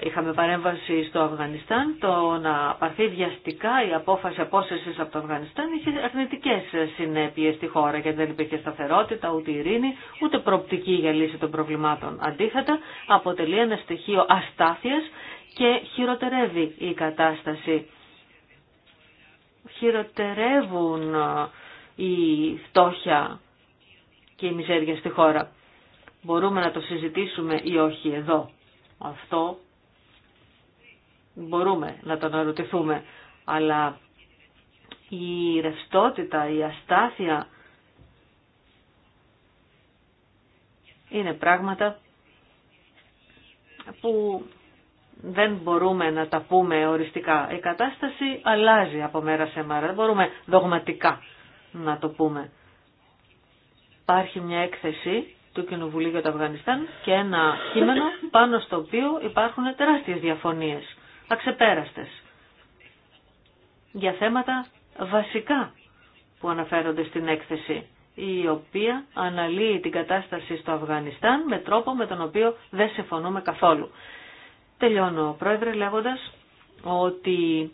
είχαμε παρέμβαση στο Αφγανιστάν, το να πάρθει βιαστικά η απόφαση απόσυρση από το Αφγανιστάν είχε αρνητικέ συνέπειε στη χώρα γιατί δεν υπήρχε σταθερότητα, ούτε ειρήνη, ούτε προοπτική για λύση των προβλημάτων. Αντίθετα, αποτελεί ένα στοιχείο αστάθεια και χειροτερεύει η κατάσταση. Χειροτερεύουν ε, η φτώχεια και η μιζέρια στη χώρα. Μπορούμε να το συζητήσουμε ή όχι εδώ. Αυτό Μπορούμε να τον ερωτηθούμε, αλλά η ρευστότητα, η αστάθεια είναι πράγματα που δεν μπορούμε να τα πούμε οριστικά. Η κατάσταση αλλάζει από μέρα σε μέρα. Δεν μπορούμε δογματικά να το πούμε. Υπάρχει μια έκθεση του Κοινοβουλίου για το Αφγανιστάν και ένα κείμενο πάνω στο οποίο υπάρχουν τεράστιες διαφωνίες αξεπέραστες για θέματα βασικά που αναφέρονται στην έκθεση η οποία αναλύει την κατάσταση στο Αφγανιστάν με τρόπο με τον οποίο δεν συμφωνούμε καθόλου. Τελειώνω, Πρόεδρε, λέγοντας ότι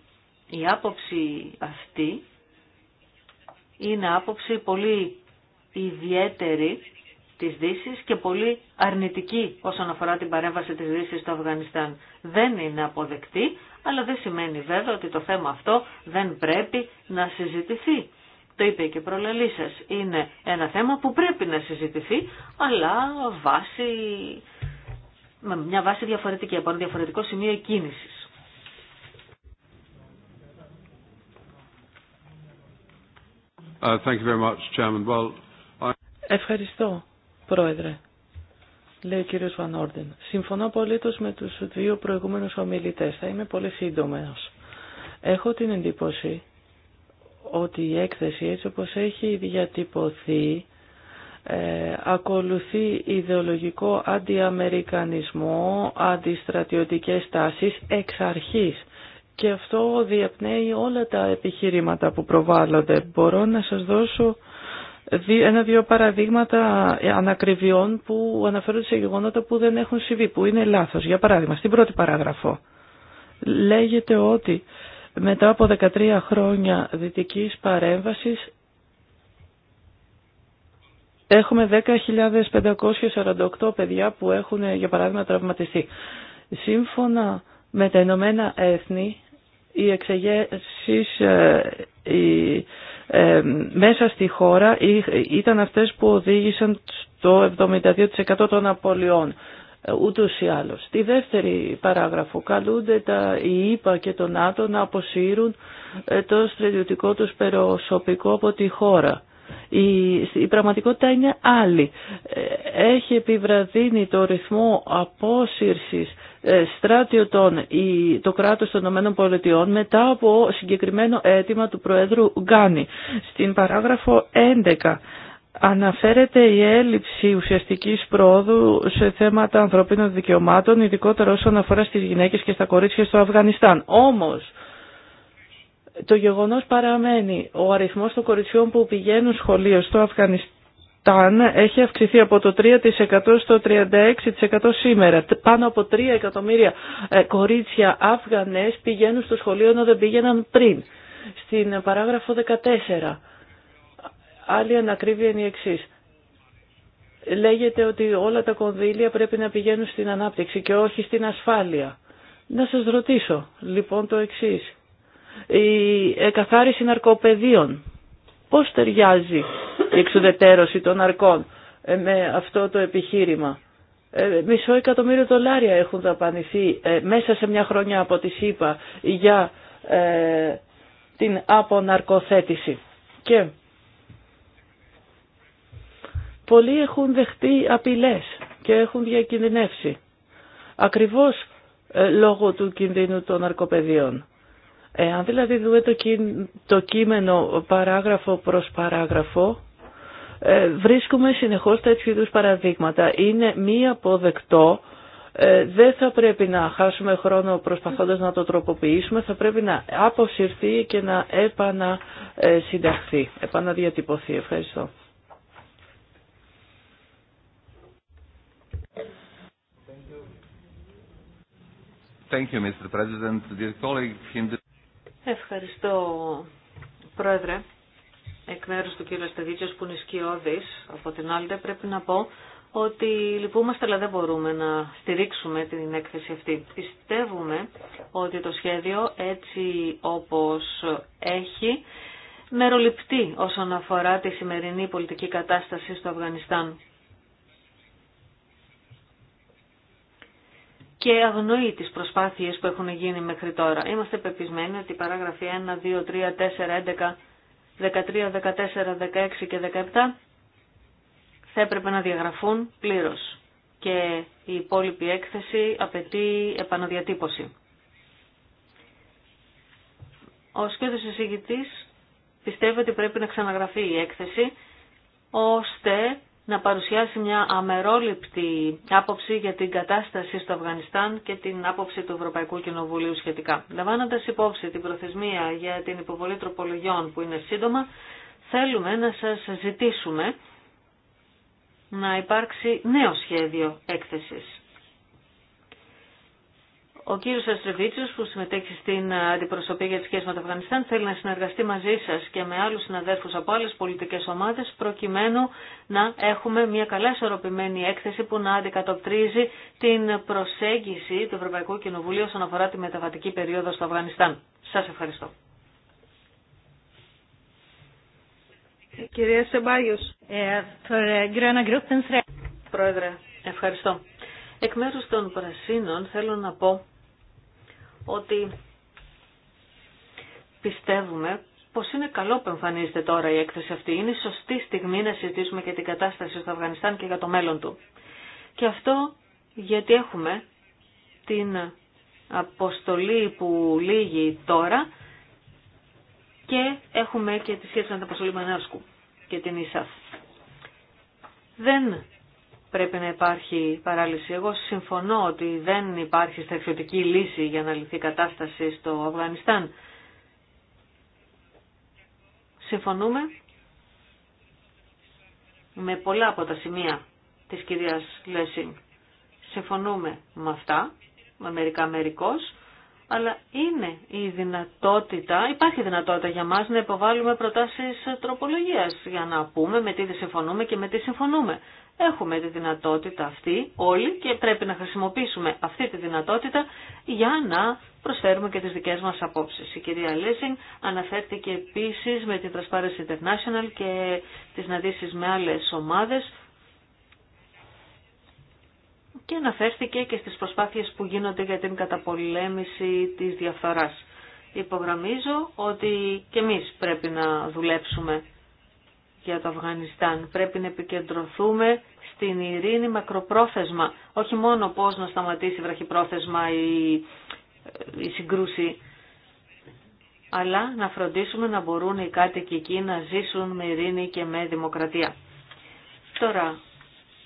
η άποψη αυτή είναι άποψη πολύ ιδιαίτερη της Δύσης και πολύ αρνητική όσον αφορά την παρέμβαση της δύση στο Αφγανιστάν. Δεν είναι αποδεκτή, αλλά δεν σημαίνει βέβαια ότι το θέμα αυτό δεν πρέπει να συζητηθεί. Το είπε και προλαλή σα. Είναι ένα θέμα που πρέπει να συζητηθεί, αλλά βάση, με μια βάση διαφορετική, από ένα διαφορετικό σημείο κίνησης. Uh, thank you very much, Chairman. Well, I... Ευχαριστώ. Πρόεδρε, λέει ο κύριος Βαν συμφωνώ πολύ με του δύο προηγούμενου ομιλητέ. Θα είμαι πολύ σύντομο. Έχω την εντύπωση ότι η έκθεση έτσι όπως έχει διατυπωθεί ε, ακολουθεί ιδεολογικό αντιαμερικανισμό, αντιστρατιωτικές τάσεις εξ αρχής. Και αυτό διαπνέει όλα τα επιχειρήματα που προβάλλονται. Μπορώ να σας δώσω ένα-δύο παραδείγματα ανακριβιών που αναφέρονται σε γεγονότα που δεν έχουν συμβεί, που είναι λάθος. Για παράδειγμα, στην πρώτη παράγραφο λέγεται ότι μετά από 13 χρόνια δυτικής παρέμβασης έχουμε 10.548 παιδιά που έχουν για παράδειγμα τραυματιστεί. Σύμφωνα με τα Ηνωμένα Έθνη, οι εξεγέσεις, ε, οι ε, μέσα στη χώρα ήταν αυτές που οδήγησαν το 72% των απολειών ε, ούτως ή άλλως. Στη δεύτερη παράγραφο καλούνται τα ΙΠΑ και το ΝΑΤΟ να αποσύρουν ε, το στρατιωτικό τους προσωπικό από τη χώρα. Η, η πραγματικότητα είναι άλλη. Έχει επιβραδύνει το ρυθμό απόσυρσης ε, στράτιωτων το κράτος των ΗΠΑ μετά από συγκεκριμένο αίτημα του Προέδρου Γκάνη. Στην παράγραφο 11 Αναφέρεται η έλλειψη ουσιαστικής πρόοδου σε θέματα ανθρωπίνων δικαιωμάτων, ειδικότερα όσον αφορά στις γυναίκες και στα κορίτσια στο Αφγανιστάν. Όμως, το γεγονός παραμένει ο αριθμός των κοριτσιών που πηγαίνουν σχολείο στο Αφγανιστάν ταν έχει αυξηθεί από το 3% στο 36% σήμερα. Πάνω από 3 εκατομμύρια ε, κορίτσια Αφγανές πηγαίνουν στο σχολείο ενώ δεν πήγαιναν πριν. Στην ε, παράγραφο 14. Άλλη ανακρίβεια είναι η εξή. Λέγεται ότι όλα τα κονδύλια πρέπει να πηγαίνουν στην ανάπτυξη και όχι στην ασφάλεια. Να σας ρωτήσω λοιπόν το εξής. Η εκαθάριση ναρκοπαιδείων Πώς ταιριάζει η εξουδετέρωση των αρκών ε, με αυτό το επιχείρημα. Ε, μισό εκατομμύριο δολάρια έχουν δαπανηθεί ε, μέσα σε μια χρονιά από τη ΣΥΠΑ για την αποναρκοθέτηση. Και πολλοί έχουν δεχτεί απειλές και έχουν διακινδυνεύσει. Ακριβώς λόγω του κινδύνου των ναρκοπαιδείων. Αν δηλαδή δούμε το, το κείμενο παράγραφο προς παράγραφο, ε, βρίσκουμε συνεχώς τέτοιου είδους παραδείγματα. Είναι μη αποδεκτό, ε, δεν θα πρέπει να χάσουμε χρόνο προσπαθώντας να το τροποποιήσουμε, θα πρέπει να αποσυρθεί και να επανασυνταχθεί, ε, επαναδιατυπωθεί. Ευχαριστώ. Thank you, Mr. President. Dear Ευχαριστώ, Πρόεδρε. Εκ μέρους του κ. Σταδίτσιος που είναι από την άλλη πρέπει να πω ότι λυπούμαστε αλλά δεν μπορούμε να στηρίξουμε την έκθεση αυτή. Πιστεύουμε ότι το σχέδιο έτσι όπως έχει μεροληπτεί όσον αφορά τη σημερινή πολιτική κατάσταση στο Αφγανιστάν. και αγνοεί τις προσπάθειες που έχουν γίνει μέχρι τώρα. Είμαστε πεπισμένοι ότι η παράγραφη 1, 2, 3, 4, 11, 13, 14, 16 και 17 θα έπρεπε να διαγραφούν πλήρως και η υπόλοιπη έκθεση απαιτεί επαναδιατύπωση. Ο σκέτος εισηγητής πιστεύει ότι πρέπει να ξαναγραφεί η έκθεση ώστε να παρουσιάσει μια αμερόληπτη άποψη για την κατάσταση στο Αφγανιστάν και την άποψη του Ευρωπαϊκού Κοινοβουλίου σχετικά. Λαμβάνοντα υπόψη την προθεσμία για την υποβολή τροπολογιών που είναι σύντομα, θέλουμε να σας ζητήσουμε να υπάρξει νέο σχέδιο έκθεσης. Ο κύριος Αστρεβίτσιος που συμμετέχει στην αντιπροσωπεία για τις σχέσεις με το Αφγανιστάν θέλει να συνεργαστεί μαζί σας και με άλλους συναδέρφους από άλλες πολιτικές ομάδες προκειμένου να έχουμε μια καλά ισορροπημένη έκθεση που να αντικατοπτρίζει την προσέγγιση του Ευρωπαϊκού Κοινοβουλίου όσον αφορά τη μεταβατική περίοδο στο Αφγανιστάν. Σας ευχαριστώ. Κυρία ε, ε, ευχαριστώ. Εκ μέρους των Πρασίνων θέλω να πω ότι πιστεύουμε πως είναι καλό που εμφανίζεται τώρα η έκθεση αυτή. Είναι σωστή στιγμή να συζητήσουμε και την κατάσταση στο Αφγανιστάν και για το μέλλον του. Και αυτό γιατί έχουμε την αποστολή που λύγει τώρα και έχουμε και τη σχέση με την αποστολή Μανάσκου και την ΙΣΑΦ. Δεν πρέπει να υπάρχει παράλυση. Εγώ συμφωνώ ότι δεν υπάρχει στρατιωτική λύση για να λυθεί η κατάσταση στο Αφγανιστάν. Συμφωνούμε με πολλά από τα σημεία της κυρίας Λέσινγκ. Συμφωνούμε με αυτά, με μερικά μερικώς, αλλά είναι η δυνατότητα, υπάρχει δυνατότητα για μας να υποβάλουμε προτάσεις τροπολογίας για να πούμε με τι συμφωνούμε και με τι συμφωνούμε. Έχουμε τη δυνατότητα αυτή όλοι και πρέπει να χρησιμοποιήσουμε αυτή τη δυνατότητα για να προσφέρουμε και τις δικές μας απόψεις. Η κυρία Λέσινγκ αναφέρθηκε επίσης με την Transparency International και τις συναντήσεις με άλλες ομάδες και αναφέρθηκε και στις προσπάθειες που γίνονται για την καταπολέμηση της διαφθοράς. Υπογραμμίζω ότι και εμείς πρέπει να δουλέψουμε για το Αφγανιστάν. Πρέπει να επικεντρωθούμε στην ειρήνη μακροπρόθεσμα, όχι μόνο πώς να σταματήσει βραχυπρόθεσμα η, η συγκρούση, αλλά να φροντίσουμε να μπορούν οι κάτοικοι εκεί να ζήσουν με ειρήνη και με δημοκρατία. Τώρα,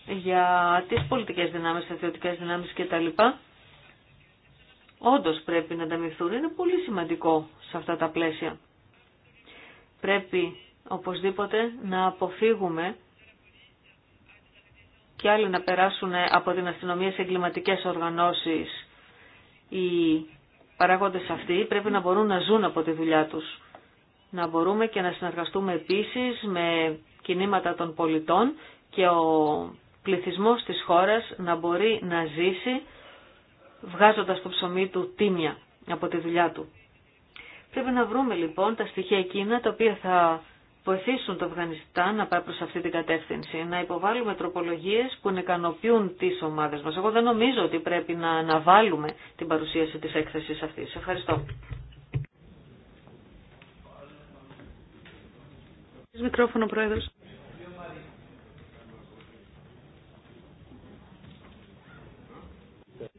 για τις πολιτικές δυνάμεις, στρατιωτικές δυνάμεις κτλ. Όντως πρέπει να ανταμειχθούν. Είναι πολύ σημαντικό σε αυτά τα πλαίσια. Πρέπει οπωσδήποτε να αποφύγουμε και άλλοι να περάσουν από την αστυνομία σε εγκληματικές οργανώσεις. Οι παράγοντε αυτοί πρέπει να μπορούν να ζουν από τη δουλειά τους. Να μπορούμε και να συνεργαστούμε επίσης με κινήματα των πολιτών και ο πληθυσμό της χώρας να μπορεί να ζήσει βγάζοντας το ψωμί του τίμια από τη δουλειά του. Πρέπει να βρούμε λοιπόν τα στοιχεία εκείνα τα οποία θα βοηθήσουν το Αφγανιστάν να πάει προς αυτή την κατεύθυνση, να υποβάλουμε τροπολογίες που να ικανοποιούν τις ομάδες μας. Εγώ δεν νομίζω ότι πρέπει να αναβάλουμε την παρουσίαση της έκθεσης αυτής. Ευχαριστώ. Μικρόφωνο, Πρόεδρος.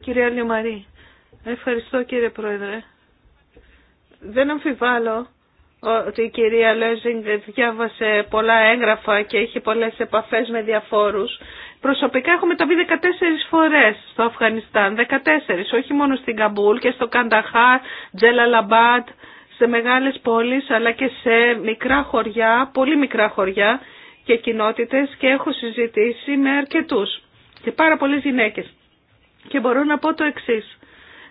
Κυρία Λιωμαρή, ευχαριστώ κύριε Πρόεδρε. Δεν αμφιβάλλω ότι η κυρία Λέζινγκ διάβασε πολλά έγγραφα και είχε πολλές επαφές με διαφόρους. Προσωπικά έχω μεταβεί 14 φορές στο Αφγανιστάν, 14, όχι μόνο στην Καμπούλ και στο Κανταχάρ, Τζελαλαμπάτ, σε μεγάλες πόλεις αλλά και σε μικρά χωριά, πολύ μικρά χωριά και κοινότητες και έχω συζητήσει με αρκετούς και πάρα πολλές γυναίκες. Και μπορώ να πω το εξής.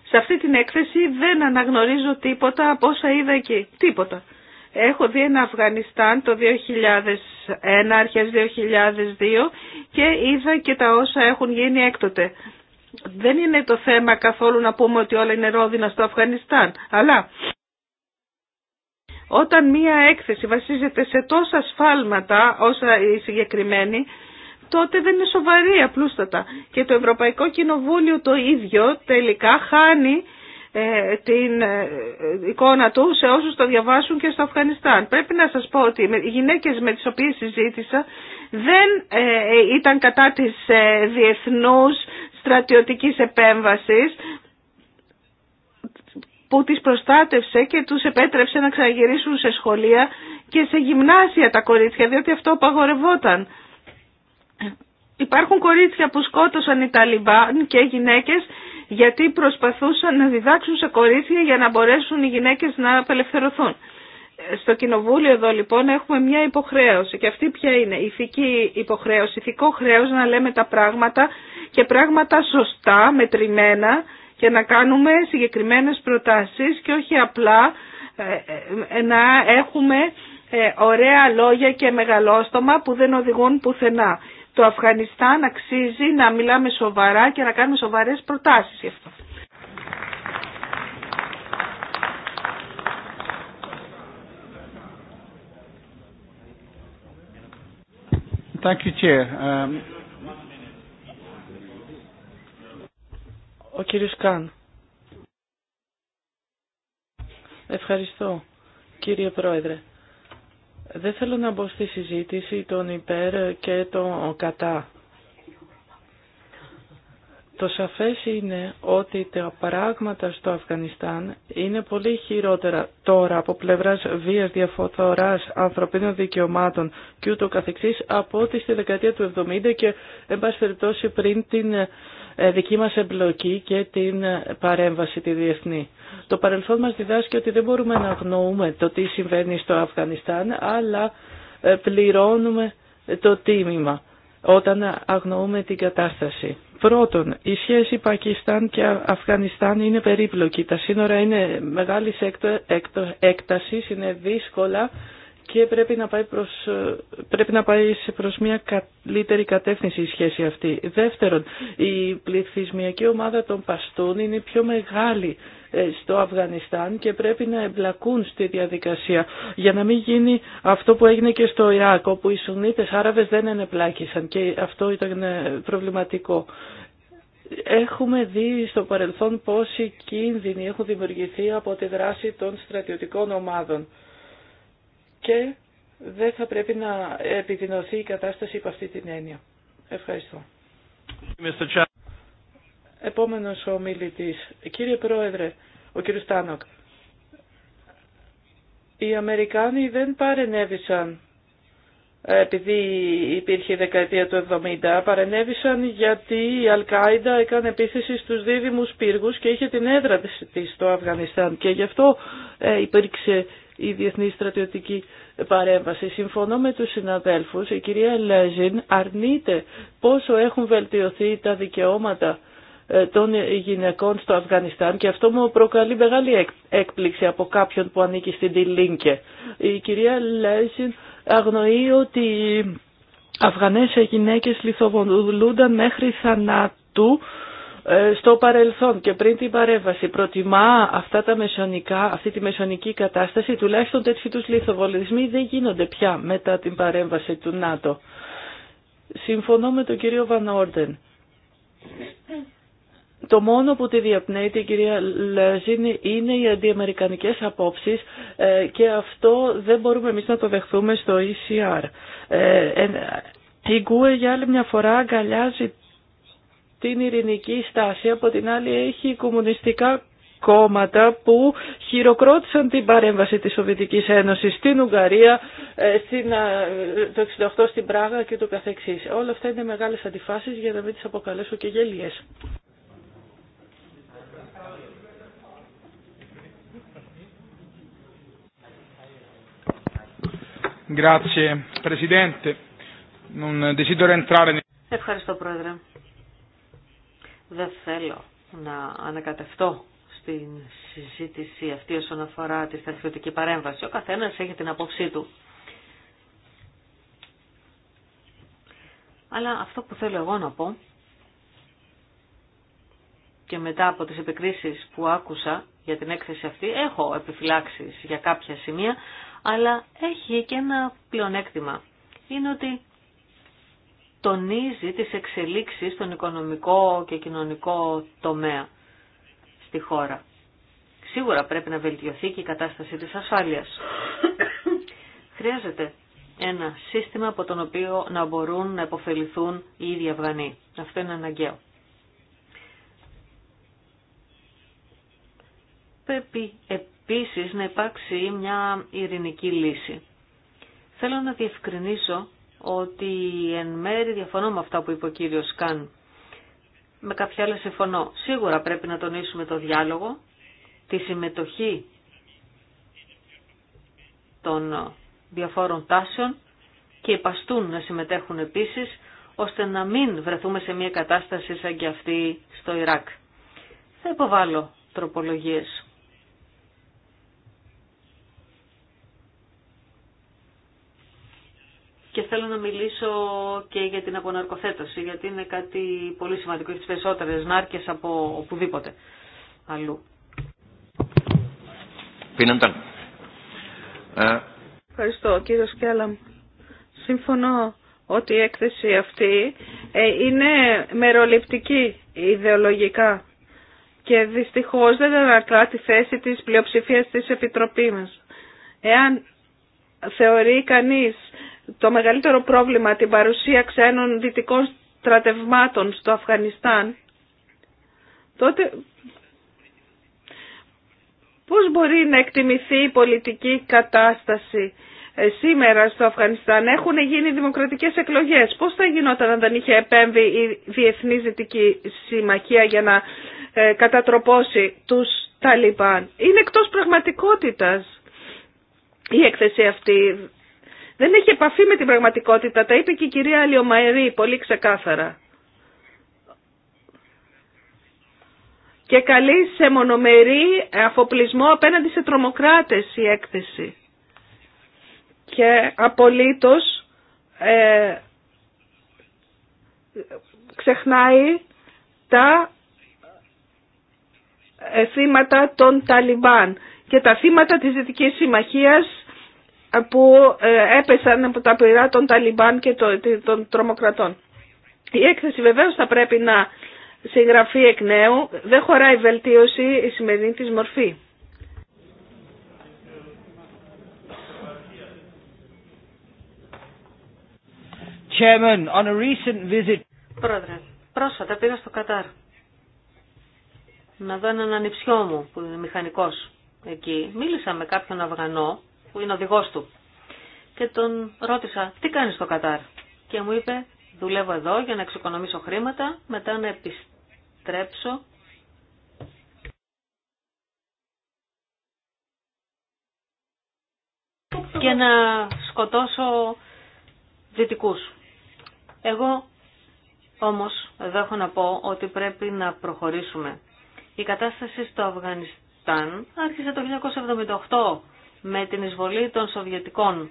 Σε αυτή την έκθεση δεν αναγνωρίζω τίποτα από όσα είδα εκεί. Τίποτα. Έχω δει ένα Αφγανιστάν το 2001, αρχές 2002 και είδα και τα όσα έχουν γίνει έκτοτε. Δεν είναι το θέμα καθόλου να πούμε ότι όλα είναι ρόδινα στο Αφγανιστάν, αλλά όταν μία έκθεση βασίζεται σε τόσα σφάλματα όσα η συγκεκριμένη, τότε δεν είναι σοβαρή απλούστατα. Και το Ευρωπαϊκό Κοινοβούλιο το ίδιο τελικά χάνει ε, την ε, εικόνα του σε όσους το διαβάσουν και στο Αφγανιστάν. Πρέπει να σας πω ότι οι γυναίκες με τις οποίες συζήτησα δεν ε, ήταν κατά της διεθνούς στρατιωτικής επέμβασης που τις προστάτευσε και τους επέτρεψε να ξαναγυρίσουν σε σχολεία και σε γυμνάσια τα κορίτσια, διότι αυτό απαγορευόταν. Υπάρχουν κορίτσια που σκότωσαν οι Ταλιμπάν και γυναίκες γιατί προσπαθούσαν να διδάξουν σε κορίτσια για να μπορέσουν οι γυναίκες να απελευθερωθούν. Στο κοινοβούλιο εδώ λοιπόν έχουμε μια υποχρέωση και αυτή ποια είναι ηθική υποχρέωση, ηθικό χρέος να λέμε τα πράγματα και πράγματα σωστά, μετρημένα και να κάνουμε συγκεκριμένες προτάσεις και όχι απλά ε, ε, να έχουμε ε, ωραία λόγια και μεγαλόστομα που δεν οδηγούν πουθενά το Αφγανιστάν αξίζει να μιλάμε σοβαρά και να κάνουμε σοβαρές προτάσεις γι' αυτό. Um, Ο κύριος Καν. Ευχαριστώ, κύριε Πρόεδρε. Δεν θέλω να μπω στη συζήτηση των υπέρ και των κατά το σαφές είναι ότι τα πράγματα στο Αφγανιστάν είναι πολύ χειρότερα τώρα από πλευράς βίας, διαφορά ανθρωπίνων δικαιωμάτων και ούτω καθεξής από ό,τι στη δεκαετία του 70 και εν πάση πριν την ε, δική μας εμπλοκή και την ε, παρέμβαση τη διεθνή. Το παρελθόν μας διδάσκει ότι δεν μπορούμε να αγνοούμε το τι συμβαίνει στο Αφγανιστάν αλλά ε, πληρώνουμε το τίμημα όταν αγνοούμε την κατάσταση. Πρώτον, η σχέση Πακιστάν και Αφγανιστάν είναι περίπλοκη. Τα σύνορα είναι μεγάλη έκταση, είναι δύσκολα και πρέπει να, πάει προς, πρέπει να προς μια καλύτερη κατεύθυνση η σχέση αυτή. Δεύτερον, η πληθυσμιακή ομάδα των Παστούν είναι πιο μεγάλη ε, στο Αφγανιστάν και πρέπει να εμπλακούν στη διαδικασία για να μην γίνει αυτό που έγινε και στο Ιράκ όπου οι Σουνίτες Άραβες δεν ενεπλάκησαν και αυτό ήταν ε, προβληματικό. Έχουμε δει στο παρελθόν πόσοι κίνδυνοι έχουν δημιουργηθεί από τη δράση των στρατιωτικών ομάδων και δεν θα πρέπει να επιδεινωθεί η κατάσταση από αυτή την έννοια. Ευχαριστώ. Επόμενος ο μιλητής. Κύριε Πρόεδρε, ο κύριος Τάνοκ. Οι Αμερικάνοι δεν παρενέβησαν ε, επειδή υπήρχε η δεκαετία του 70, παρενέβησαν γιατί η Αλκάιντα έκανε επίθεση στους δίδυμους πύργους και είχε την έδρα της στο Αφγανιστάν και γι' αυτό ε, υπήρξε η διεθνή στρατιωτική παρέμβαση. Συμφωνώ με τους συναδέλφους, η κυρία Λέζιν αρνείται πόσο έχουν βελτιωθεί τα δικαιώματα ε, των γυναικών στο Αφγανιστάν και αυτό μου προκαλεί μεγάλη έκπληξη από κάποιον που ανήκει στην Τιλίνκε. Η κυρία Λέσιν αγνοεί ότι οι Αφγανές γυναίκες λιθοβολούνταν μέχρι θανάτου ε, στο παρελθόν και πριν την παρέμβαση προτιμά αυτά τα μεσονικά, αυτή τη μεσονική κατάσταση, τουλάχιστον τέτοιου τους λιθοβολισμοί δεν γίνονται πια μετά την παρέμβαση του ΝΑΤΟ. Συμφωνώ με τον κύριο Βανόρντεν. Το μόνο που τη διαπνέει την κυρία Λαζίνη είναι οι αντιαμερικανικές απόψεις ε, και αυτό δεν μπορούμε εμείς να το δεχθούμε στο ECR. Ε, η Γκουε για άλλη μια φορά αγκαλιάζει την ειρηνική στάση, από την άλλη έχει κομμουνιστικά κόμματα που χειροκρότησαν την παρέμβαση της Σοβιετικής Ένωσης στην Ουγγαρία, ε, στην, το 68 στην Πράγα και το καθεξής. Όλα αυτά είναι μεγάλες αντιφάσεις για να μην τις αποκαλέσω και γελίες. Ευχαριστώ, Πρόεδρε. Δεν θέλω να ανακατευτώ στην συζήτηση αυτή όσον αφορά τη στρατιωτική παρέμβαση. Ο καθένας έχει την απόψή του. Αλλά αυτό που θέλω εγώ να πω και μετά από τις επικρίσεις που άκουσα για την έκθεση αυτή έχω επιφυλάξεις για κάποια σημεία, αλλά έχει και ένα πλεονέκτημα. Είναι ότι τονίζει τις εξελίξεις στον οικονομικό και κοινωνικό τομέα στη χώρα. Σίγουρα πρέπει να βελτιωθεί και η κατάσταση της ασφάλειας. Χρειάζεται ένα σύστημα από τον οποίο να μπορούν να υποφεληθούν οι ίδιοι Αυγανοί. Αυτό είναι αναγκαίο. πρέπει επίσης να υπάρξει μια ειρηνική λύση. Θέλω να διευκρινίσω ότι εν μέρη διαφωνώ με αυτά που είπε ο κύριο Καν. Με κάποια άλλα συμφωνώ. Σίγουρα πρέπει να τονίσουμε το διάλογο, τη συμμετοχή των διαφόρων τάσεων και οι παστούν να συμμετέχουν επίσης, ώστε να μην βρεθούμε σε μια κατάσταση σαν και αυτή στο Ιράκ. Θα υποβάλω τροπολογίες. Και θέλω να μιλήσω και για την αποναρκοθέτωση, γιατί είναι κάτι πολύ σημαντικό. Έχει τι περισσότερε νάρκε από οπουδήποτε αλλού. Ε. Ευχαριστώ, κύριο Σκέλαμ. Συμφωνώ ότι η έκθεση αυτή ε, είναι μεροληπτική ιδεολογικά και δυστυχώς δεν ανακλά τη θέση της πλειοψηφίας της Επιτροπής μας. Εάν θεωρεί κανείς το μεγαλύτερο πρόβλημα την παρουσία ξένων δυτικών στρατευμάτων στο Αφγανιστάν, τότε πώς μπορεί να εκτιμηθεί η πολιτική κατάσταση ε, σήμερα στο Αφγανιστάν. Έχουν γίνει δημοκρατικές εκλογές. Πώς θα γινόταν αν δεν είχε επέμβει η Διεθνή Δυτική Συμμαχία για να ε, κατατροπώσει τους Ταλιμπάν. Είναι εκτός πραγματικότητας η έκθεση αυτή δεν έχει επαφή με την πραγματικότητα. Τα είπε και η κυρία Αλιομαερή πολύ ξεκάθαρα. Και καλεί σε μονομερή αφοπλισμό απέναντι σε τρομοκράτες η έκθεση. Και απολύτως ε, ξεχνάει τα ε, θύματα των Ταλιμπάν και τα θύματα της Δυτικής Συμμαχίας που ε, έπεσαν από τα πυρά των Ταλιμπάν και των τρομοκρατών. Η έκθεση βεβαίως θα πρέπει να συγγραφεί εκ νέου. Δεν χωράει βελτίωση η σημερινή της μορφή. Chairman, on a recent Πρόεδρε, πρόσφατα πήγα στο Κατάρ να δω έναν ανιψιό μου που είναι μηχανικός εκεί. Μίλησα με κάποιον Αυγανό που είναι οδηγό του. Και τον ρώτησα, τι κάνεις στο Κατάρ. Και μου είπε, δουλεύω εδώ για να εξοικονομήσω χρήματα, μετά να επιστρέψω και να σκοτώσω δυτικούς. Εγώ όμως εδώ έχω να πω ότι πρέπει να προχωρήσουμε. Η κατάσταση στο Αφγανιστάν άρχισε το 1978 με την εισβολή των Σοβιετικών.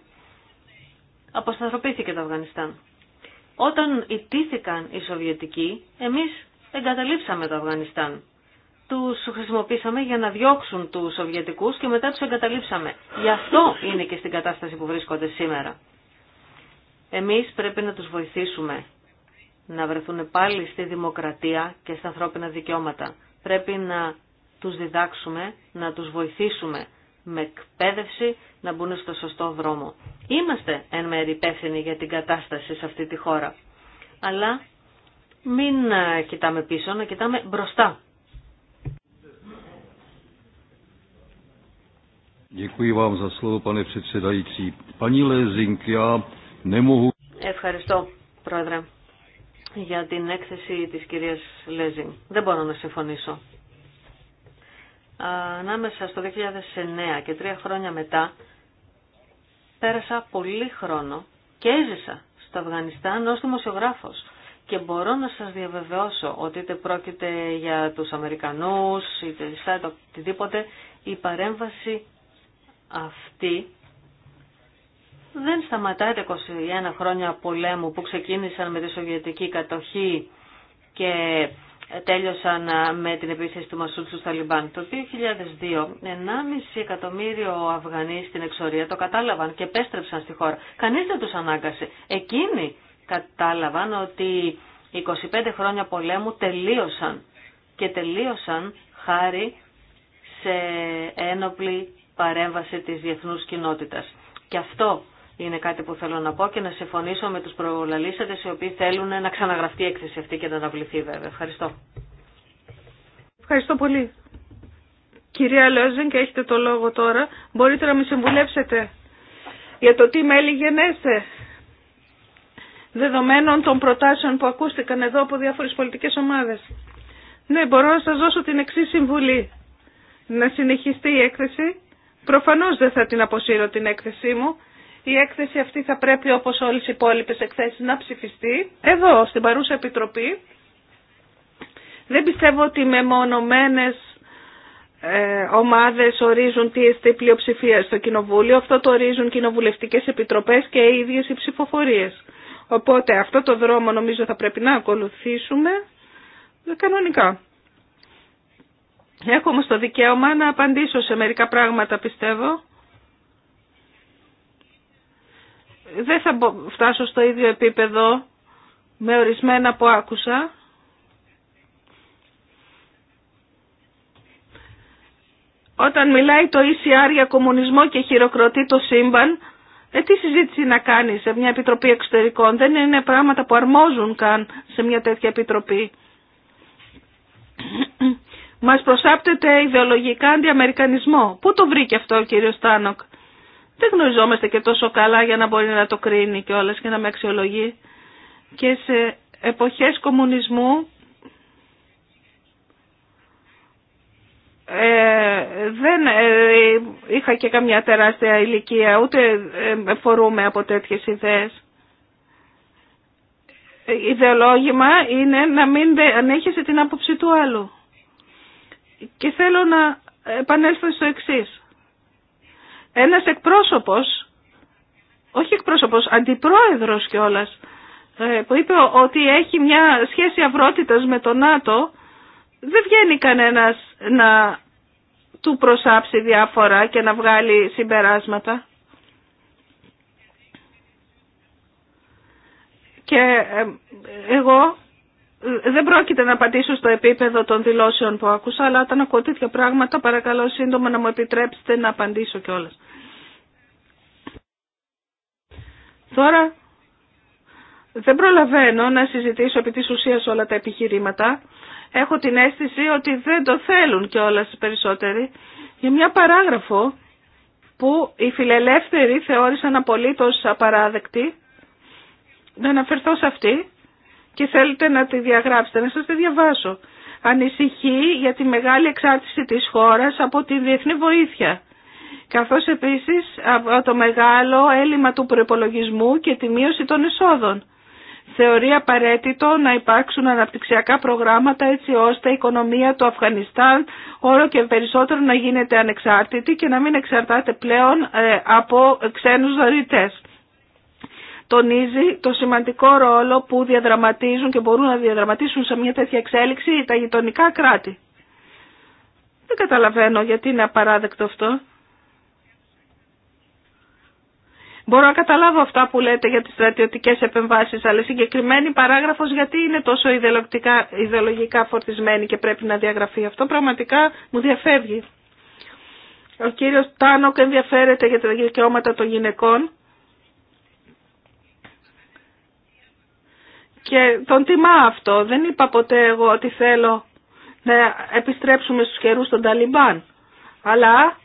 Αποσταθροπήθηκε το Αφγανιστάν. Όταν ιτήθηκαν οι Σοβιετικοί, εμείς εγκαταλείψαμε το Αφγανιστάν. Τους χρησιμοποίησαμε για να διώξουν τους Σοβιετικούς και μετά τους εγκαταλείψαμε. Γι' αυτό είναι και στην κατάσταση που βρίσκονται σήμερα. Εμείς πρέπει να τους βοηθήσουμε να βρεθούν πάλι στη δημοκρατία και στα ανθρώπινα δικαιώματα. Πρέπει να τους διδάξουμε, να τους βοηθήσουμε με εκπαίδευση να μπουν στο σωστό δρόμο. Είμαστε εν μέρει υπεύθυνοι για την κατάσταση σε αυτή τη χώρα. Αλλά μην ε, κοιτάμε πίσω, να κοιτάμε μπροστά. Ευχαριστώ, Πρόεδρε, για την έκθεση της κυρίας Λέζιν. Δεν μπορώ να συμφωνήσω ανάμεσα στο 2009 και τρία χρόνια μετά πέρασα πολύ χρόνο και έζησα στο Αφγανιστάν ως δημοσιογράφος και μπορώ να σας διαβεβαιώσω ότι είτε πρόκειται για τους Αμερικανούς είτε το οτιδήποτε η παρέμβαση αυτή δεν σταματάει τα 21 χρόνια πολέμου που ξεκίνησαν με τη Σοβιετική κατοχή και τέλειωσαν με την επίθεση του Μασούτ στους Ταλιμπάν. Το 2002, 1,5 εκατομμύριο Αφγανοί στην εξορία το κατάλαβαν και επέστρεψαν στη χώρα. Κανείς δεν τους ανάγκασε. Εκείνοι κατάλαβαν ότι 25 χρόνια πολέμου τελείωσαν και τελείωσαν χάρη σε ένοπλη παρέμβαση της διεθνούς κοινότητας. Και αυτό είναι κάτι που θέλω να πω και να συμφωνήσω με τους προλαλήσατες οι οποίοι θέλουν να ξαναγραφτεί η έκθεση αυτή και να αναβληθεί βέβαια. Ευχαριστώ. Ευχαριστώ πολύ. Κυρία και έχετε το λόγο τώρα. Μπορείτε να με συμβουλέψετε για το τι μέλη γενέστε. Δεδομένων των προτάσεων που ακούστηκαν εδώ από διάφορες πολιτικές ομάδες. Ναι, μπορώ να σας δώσω την εξή συμβουλή. Να συνεχιστεί η έκθεση. Προφανώς δεν θα την αποσύρω την έκθεσή μου η έκθεση αυτή θα πρέπει όπως όλες οι υπόλοιπες εκθέσεις να ψηφιστεί εδώ στην παρούσα επιτροπή. Δεν πιστεύω ότι με μονομένες ε, ομάδες ορίζουν τι εστί πλειοψηφία στο κοινοβούλιο. Αυτό το ορίζουν κοινοβουλευτικές επιτροπές και οι ίδιες οι ψηφοφορίες. Οπότε αυτό το δρόμο νομίζω θα πρέπει να ακολουθήσουμε ε, κανονικά. Έχω όμως το δικαίωμα να απαντήσω σε μερικά πράγματα πιστεύω δεν θα φτάσω στο ίδιο επίπεδο με ορισμένα που άκουσα. Όταν μιλάει το ECR για κομμουνισμό και χειροκροτεί το σύμπαν, ε, τι συζήτηση να κάνει σε μια επιτροπή εξωτερικών. Δεν είναι πράγματα που αρμόζουν καν σε μια τέτοια επιτροπή. Μας προσάπτεται ιδεολογικά αντιαμερικανισμό. Πού το βρήκε αυτό ο κύριος Τάνοκ δεν γνωριζόμαστε και τόσο καλά για να μπορεί να το κρίνει όλες και να με αξιολογεί. Και σε εποχές κομμουνισμού ε, δεν ε, είχα και καμιά τεράστια ηλικία, ούτε ε, φορούμε από τέτοιες ιδέες. Ιδεολόγημα είναι να μην ανέχεσαι την άποψη του άλλου. Και θέλω να επανέλθω στο εξής ένας εκπρόσωπος, όχι εκπρόσωπος, αντιπρόεδρος κιόλας, ε, που είπε ότι έχει μια σχέση αυρότητας με το ΝΑΤΟ, δεν βγαίνει κανένας να του προσάψει διάφορα και να βγάλει συμπεράσματα. Και ε, εγώ δεν πρόκειται να απαντήσω στο επίπεδο των δηλώσεων που άκουσα, αλλά όταν ακούω τέτοια πράγματα παρακαλώ σύντομα να μου επιτρέψετε να απαντήσω κιόλα. Τώρα δεν προλαβαίνω να συζητήσω επί της ουσίας όλα τα επιχειρήματα. Έχω την αίσθηση ότι δεν το θέλουν κιόλα οι περισσότεροι. Για μια παράγραφο που οι φιλελεύθεροι θεώρησαν απολύτως απαράδεκτη, να αναφερθώ σε αυτή, και θέλετε να τη διαγράψετε. Να σας τη διαβάσω. Ανησυχεί για τη μεγάλη εξάρτηση της χώρας από τη διεθνή βοήθεια καθώς επίσης από το μεγάλο έλλειμμα του προπολογισμού και τη μείωση των εσόδων. Θεωρεί απαραίτητο να υπάρξουν αναπτυξιακά προγράμματα έτσι ώστε η οικονομία του Αφγανιστάν όλο και περισσότερο να γίνεται ανεξάρτητη και να μην εξαρτάται πλέον ε, από ξένους δωρητές τονίζει το σημαντικό ρόλο που διαδραματίζουν και μπορούν να διαδραματίσουν σε μια τέτοια εξέλιξη τα γειτονικά κράτη. Δεν καταλαβαίνω γιατί είναι απαράδεκτο αυτό. Μπορώ να καταλάβω αυτά που λέτε για τις στρατιωτικές επεμβάσεις, αλλά συγκεκριμένη παράγραφος γιατί είναι τόσο ιδεολογικά φορτισμένη και πρέπει να διαγραφεί. Αυτό πραγματικά μου διαφεύγει. Ο κύριος Τάνοκ ενδιαφέρεται για τα δικαιώματα των γυναικών Και τον τιμά αυτό. Δεν είπα ποτέ εγώ ότι θέλω να επιστρέψουμε στους καιρούς των Ταλιμπάν. Αλλά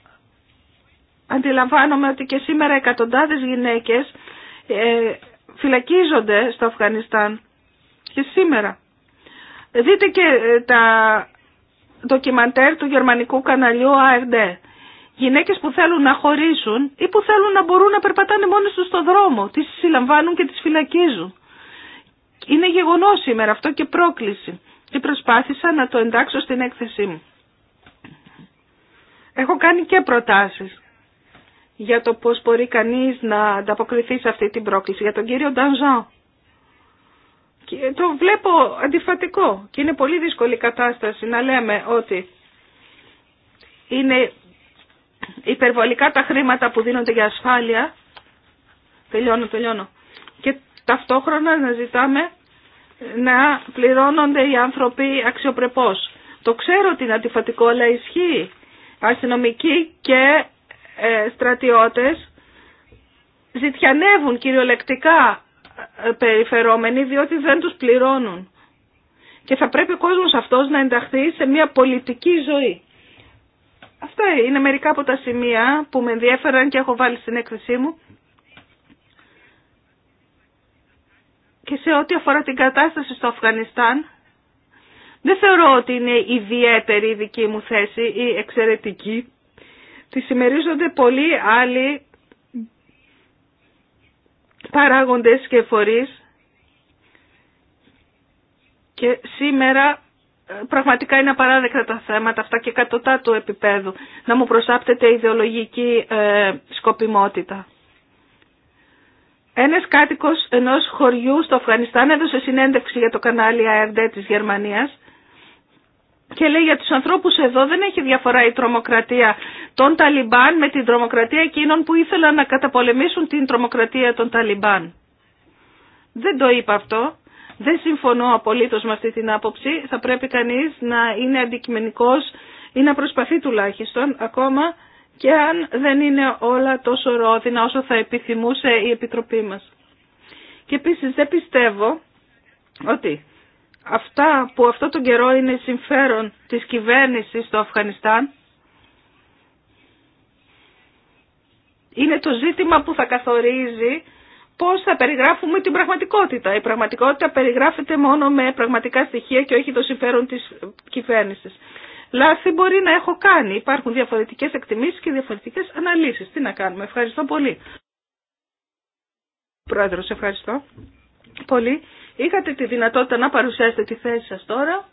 αντιλαμβάνομαι ότι και σήμερα εκατοντάδες γυναίκες ε, φυλακίζονται στο Αφγανιστάν. Και σήμερα. Δείτε και ε, τα ντοκιμαντέρ του γερμανικού καναλιού ARD. Γυναίκες που θέλουν να χωρίσουν ή που θέλουν να μπορούν να περπατάνε μόνοι τους στον δρόμο. Τις συλλαμβάνουν και τις φυλακίζουν είναι γεγονός σήμερα αυτό και πρόκληση και προσπάθησα να το εντάξω στην έκθεσή μου. Έχω κάνει και προτάσεις για το πώς μπορεί κανείς να ανταποκριθεί σε αυτή την πρόκληση. Για τον κύριο Ντανζάν. Και το βλέπω αντιφατικό και είναι πολύ δύσκολη κατάσταση να λέμε ότι είναι υπερβολικά τα χρήματα που δίνονται για ασφάλεια. Τελειώνω, τελειώνω ταυτόχρονα να ζητάμε να πληρώνονται οι άνθρωποι αξιοπρεπώς. Το ξέρω ότι είναι αντιφατικό, αλλά ισχύει. Αστυνομικοί και ε, στρατιώτες ζητιανεύουν κυριολεκτικά ε, περιφερόμενοι διότι δεν τους πληρώνουν. Και θα πρέπει ο κόσμος αυτός να ενταχθεί σε μια πολιτική ζωή. Αυτά είναι μερικά από τα σημεία που με ενδιέφεραν και έχω βάλει στην έκθεσή μου. και σε ό,τι αφορά την κατάσταση στο Αφγανιστάν, δεν θεωρώ ότι είναι ιδιαίτερη η δική μου θέση ή εξαιρετική. Τη συμμερίζονται πολλοί άλλοι παράγοντες και φορείς και σήμερα ε, πραγματικά είναι απαράδεκτα τα θέματα αυτά και κατωτά του επίπεδου να μου προσάπτεται ιδεολογική ε, σκοπιμότητα. Ένας κάτοικος ενό χωριού στο Αφγανιστάν έδωσε συνέντευξη για το κανάλι ARD της Γερμανίας και λέει για του ανθρώπους εδώ δεν έχει διαφορά η τρομοκρατία των Ταλιμπάν με την τρομοκρατία εκείνων που ήθελαν να καταπολεμήσουν την τρομοκρατία των Ταλιμπάν. Δεν το είπα αυτό. Δεν συμφωνώ απολύτω με αυτή την άποψη. Θα πρέπει κανεί να είναι αντικειμενικό ή να προσπαθεί τουλάχιστον ακόμα και αν δεν είναι όλα τόσο ρόδινα όσο θα επιθυμούσε η Επιτροπή μας. Και επίσης δεν πιστεύω ότι αυτά που αυτό τον καιρό είναι συμφέρον της κυβέρνησης στο Αφγανιστάν είναι το ζήτημα που θα καθορίζει πώς θα περιγράφουμε την πραγματικότητα. Η πραγματικότητα περιγράφεται μόνο με πραγματικά στοιχεία και όχι το συμφέρον της κυβέρνησης λάθη μπορεί να έχω κάνει. Υπάρχουν διαφορετικές εκτιμήσεις και διαφορετικές αναλύσεις. Τι να κάνουμε. Ευχαριστώ πολύ. Πρόεδρος, ευχαριστώ πολύ. Είχατε τη δυνατότητα να παρουσιάσετε τη θέση σας τώρα.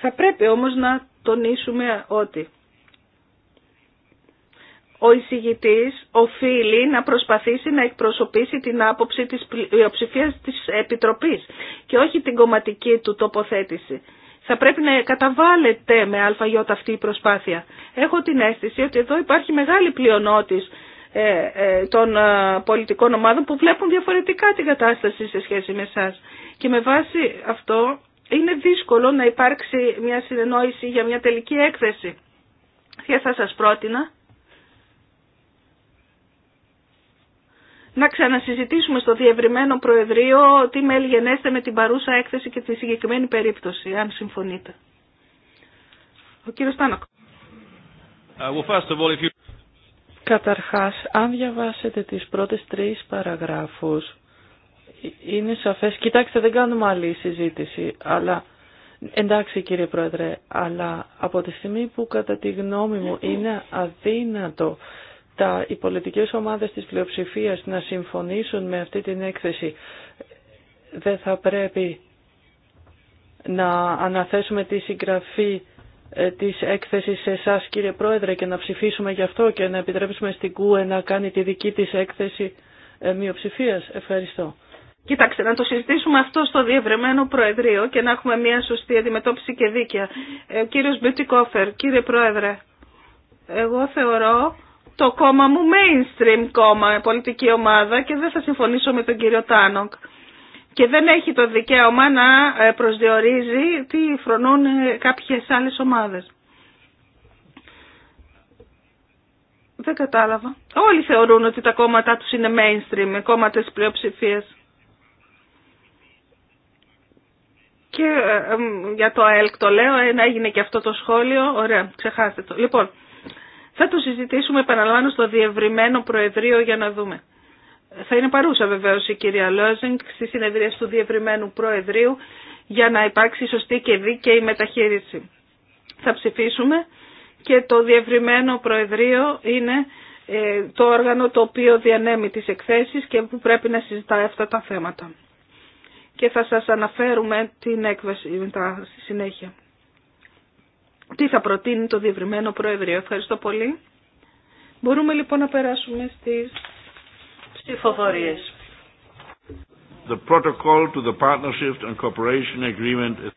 Θα πρέπει όμως να τονίσουμε ότι ο εισηγητής οφείλει να προσπαθήσει να εκπροσωπήσει την άποψη της πλειοψηφίας της Επιτροπής και όχι την κομματική του τοποθέτηση θα πρέπει να καταβάλλεται με ΑΙ αυτή η προσπάθεια. Έχω την αίσθηση ότι εδώ υπάρχει μεγάλη πλειονότητα ε, ε, των ε, πολιτικών ομάδων που βλέπουν διαφορετικά την κατάσταση σε σχέση με εσά. Και με βάση αυτό είναι δύσκολο να υπάρξει μια συνεννόηση για μια τελική έκθεση. Και θα σας πρότεινα να ξανασυζητήσουμε στο διευρυμένο Προεδρείο τι μέλη γενέστε με την παρούσα έκθεση και τη συγκεκριμένη περίπτωση, αν συμφωνείτε. Ο κύριο Τάνοκ. Ε, Καταρχάς, αν διαβάσετε τις πρώτες τρεις παραγράφους, ε, είναι σαφές. Κοιτάξτε, δεν κάνουμε άλλη συζήτηση, αλλά... Εντάξει κύριε Πρόεδρε, αλλά από τη στιγμή που κατά τη γνώμη μου είναι αδύνατο τα, οι πολιτικές ομάδες της πλειοψηφίας να συμφωνήσουν με αυτή την έκθεση δεν θα πρέπει να αναθέσουμε τη συγγραφή ε, της έκθεσης σε εσά κύριε Πρόεδρε και να ψηφίσουμε γι' αυτό και να επιτρέψουμε στην ΚΟΕ να κάνει τη δική της έκθεση ε, μειοψηφία. Ευχαριστώ. Κοίταξτε, να το συζητήσουμε αυτό στο διευρεμένο Προεδρείο και να έχουμε μια σωστή αντιμετώπιση και δίκαια. Ε, κύριος Μπιουτικόφερ, κύριε Πρόεδρε, εγώ θεωρώ το κόμμα μου mainstream κόμμα, πολιτική ομάδα και δεν θα συμφωνήσω με τον κύριο Τάνοκ. Και δεν έχει το δικαίωμα να ε, προσδιορίζει τι φρονούν ε, κάποιες άλλες ομάδες. Δεν κατάλαβα. Όλοι θεωρούν ότι τα κόμματα τους είναι mainstream, κόμματα της πλειοψηφίας. Και ε, για το ΑΕΛΚ το λέω, να έγινε και αυτό το σχόλιο. Ωραία, ξεχάστε το. Λοιπόν, θα το συζητήσουμε, επαναλαμβάνω, στο διευρυμένο Προεδρείο για να δούμε. Θα είναι παρούσα βεβαίω η κυρία Λόζινγκ στι συνεδρία του διευρυμένου Προεδρείου για να υπάρξει σωστή και δίκαιη μεταχείριση. Θα ψηφίσουμε και το διευρυμένο Προεδρείο είναι ε, το όργανο το οποίο διανέμει τις εκθέσεις και που πρέπει να συζητάει αυτά τα θέματα. Και θα σας αναφέρουμε την έκβαση μετά στη συνέχεια τι θα προτείνει το διευρυμένο Προεδρείο. Ευχαριστώ πολύ. Μπορούμε λοιπόν να περάσουμε στις ψηφοφορίες. The protocol to the partnership and cooperation agreement is...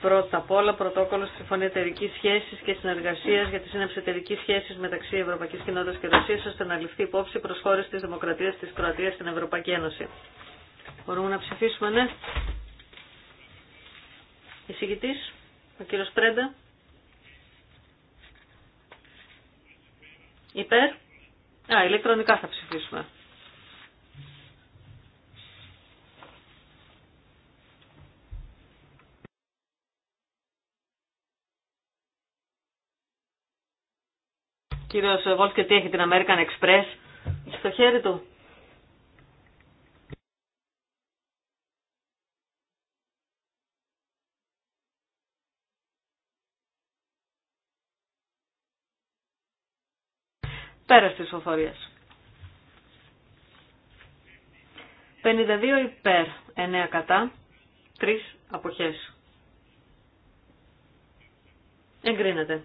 Πρώτα απ' όλα, πρωτόκολλο στη Συμφωνία Εταιρική Σχέση και Συνεργασία για τη σύννεψη Εταιρική Σχέση μεταξύ Ευρωπαϊκή Κοινότητα και Ρωσία, ώστε να ληφθεί υπόψη προ χώρε τη Δημοκρατία τη Κροατία στην Ευρωπαϊκή Ένωση. Μπορούμε να ψηφίσουμε, ναι. Εισηγητής. Ο κύριος Πρέντα. Υπέρ. Α, ηλεκτρονικά θα ψηφίσουμε. Κύριος Βόλτ και τι έχει την American Express στο χέρι του. Πέρα τη οφορία. 52 υπέρ, 9 κατά, 3 αποχές. Εγκρίνεται.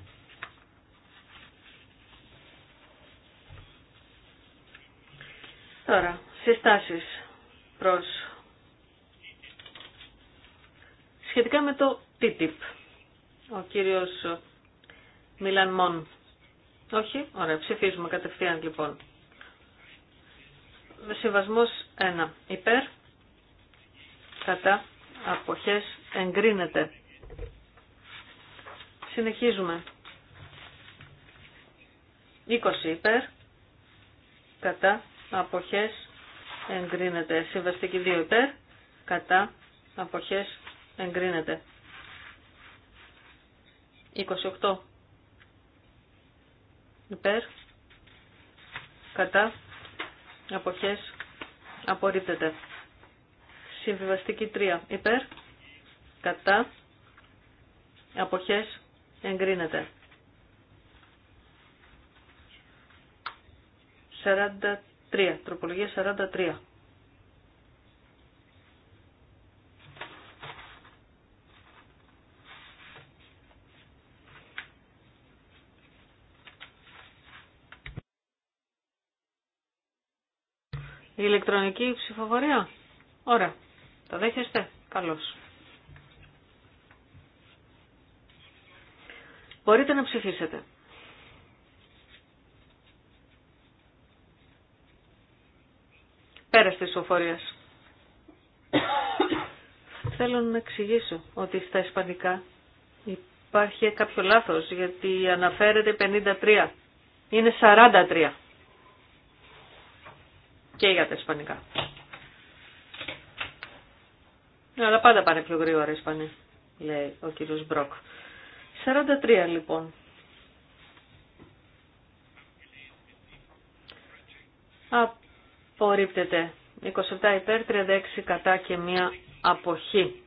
Τώρα, συστάσεις προς σχετικά με το TTIP. Ο κύριος Μιλανμόν... Όχι, ωραία, ψηφίζουμε κατευθείαν λοιπόν. Συμβασμό 1. Υπέρ, κατά, αποχές, εγκρίνεται. Συνεχίζουμε. 20 υπέρ, κατά, αποχές, εγκρίνεται. Συμβαστική 2 υπέρ, κατά, αποχές, εγκρίνεται. 28 υπέρ, κατά, αποχές, απορρίπτεται. Συμβιβαστική 3, υπέρ, κατά, αποχές, εγκρίνεται. 43, τροπολογία 43. Η ηλεκτρονική ψηφοφορία. Ωραία. Το δέχεστε. Καλώς. Μπορείτε να ψηφίσετε. Πέρα της ψηφοφορίας. Θέλω να εξηγήσω ότι στα ισπανικά υπάρχει κάποιο λάθος γιατί αναφέρεται 53. Είναι 43 και για τα ισπανικά. Ναι, αλλά πάντα πάνε πιο γρήγορα οι λέει ο κύριος Μπροκ. 43 λοιπόν. Απορρίπτεται. 27 υπέρ, 36 κατά και μία αποχή.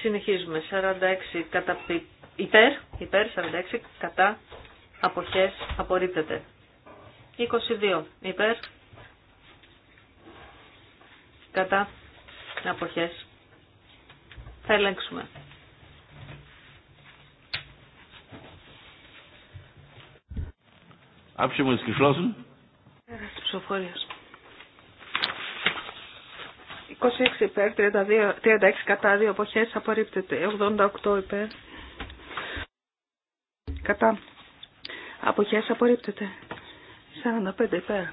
Συνεχίζουμε. 46 κατά υπέρ, υπέρ, 46 κατά αποχές απορρίπτεται. 22 υπέρ, κατά αποχές. Θα ελέγξουμε. 26 υπέρ, 32, 36 κατά, 2 αποχές, απορρίπτεται. 88 υπέρ, κατά, αποχές, απορρίπτεται. 45 υπέρ,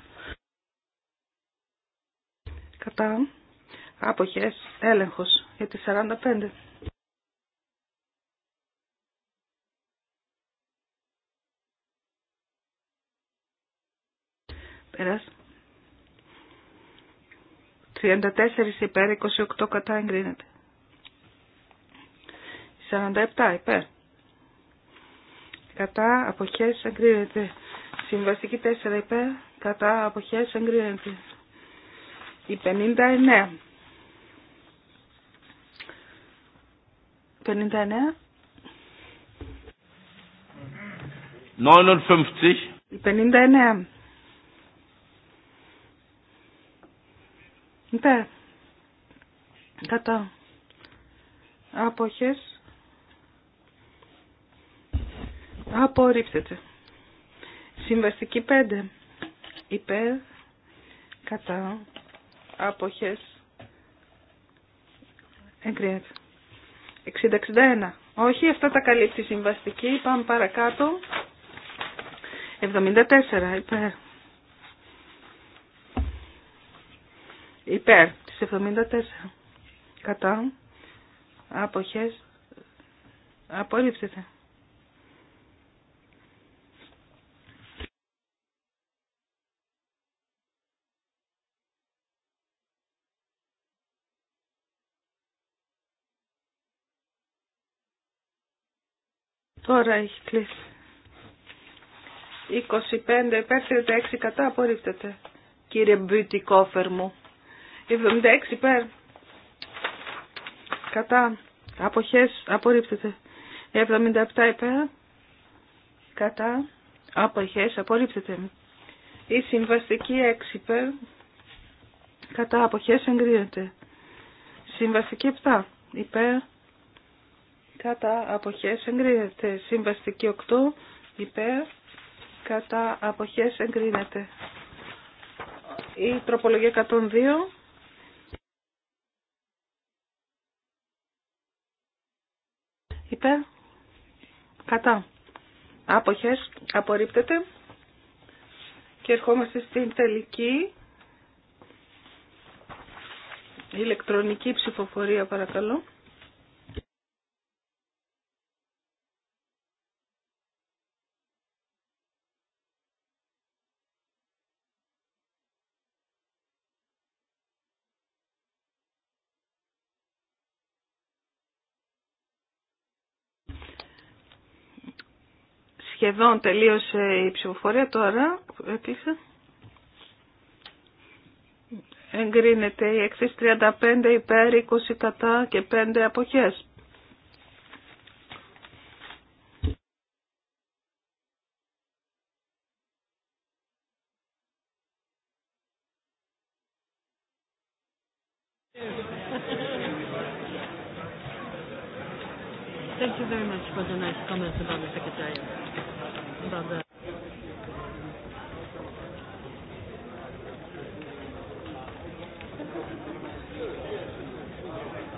κατά άποχες έλεγχος για τις 45. Πέρας. 34 υπέρ, 28 κατά εγκρίνεται. 47 υπέρ. Κατά αποχές εγκρίνεται. Συμβαστική 4 υπέρ, κατά αποχές εγκρίνεται. Η 59. 59. 59. 59. Υπέρ. Κατά. Άποχες. Απορρίπτεται. Συμβαστική 5. Υπέρ. Κατά αποχές εγκρίνεται. 60-61. Όχι, αυτά τα καλύπτει η συμβαστική. Πάμε παρακάτω. 74 υπέρ. Υπέρ της 74. Κατά. Αποχές. Απορρίψετε. Τώρα έχει κλείσει. 25 υπέρ 36 κατά απορρίπτεται. Κύριε Μπιουτικόφερ μου. 76 υπέρ. Κατά. Αποχές απορρίπτεται. 77 υπέρ. Κατά. Αποχές απορρίπτεται. Η συμβαστική 6 υπέρ. Κατά. Αποχές εγκρίνεται. Συμβαστική 7 υπέρ κατά αποχές εγκρίνεται. Συμβαστική 8 υπέρ κατά αποχές εγκρίνεται. Η τροπολογία 102 υπέρ κατά άποχες απορρίπτεται και ερχόμαστε στην τελική ηλεκτρονική ψηφοφορία παρακαλώ. σχεδόν τελείωσε η ψηφοφορία τώρα. Έκλεισε. Εγκρίνεται η 35 υπέρ 20 κατά και 5 αποχές.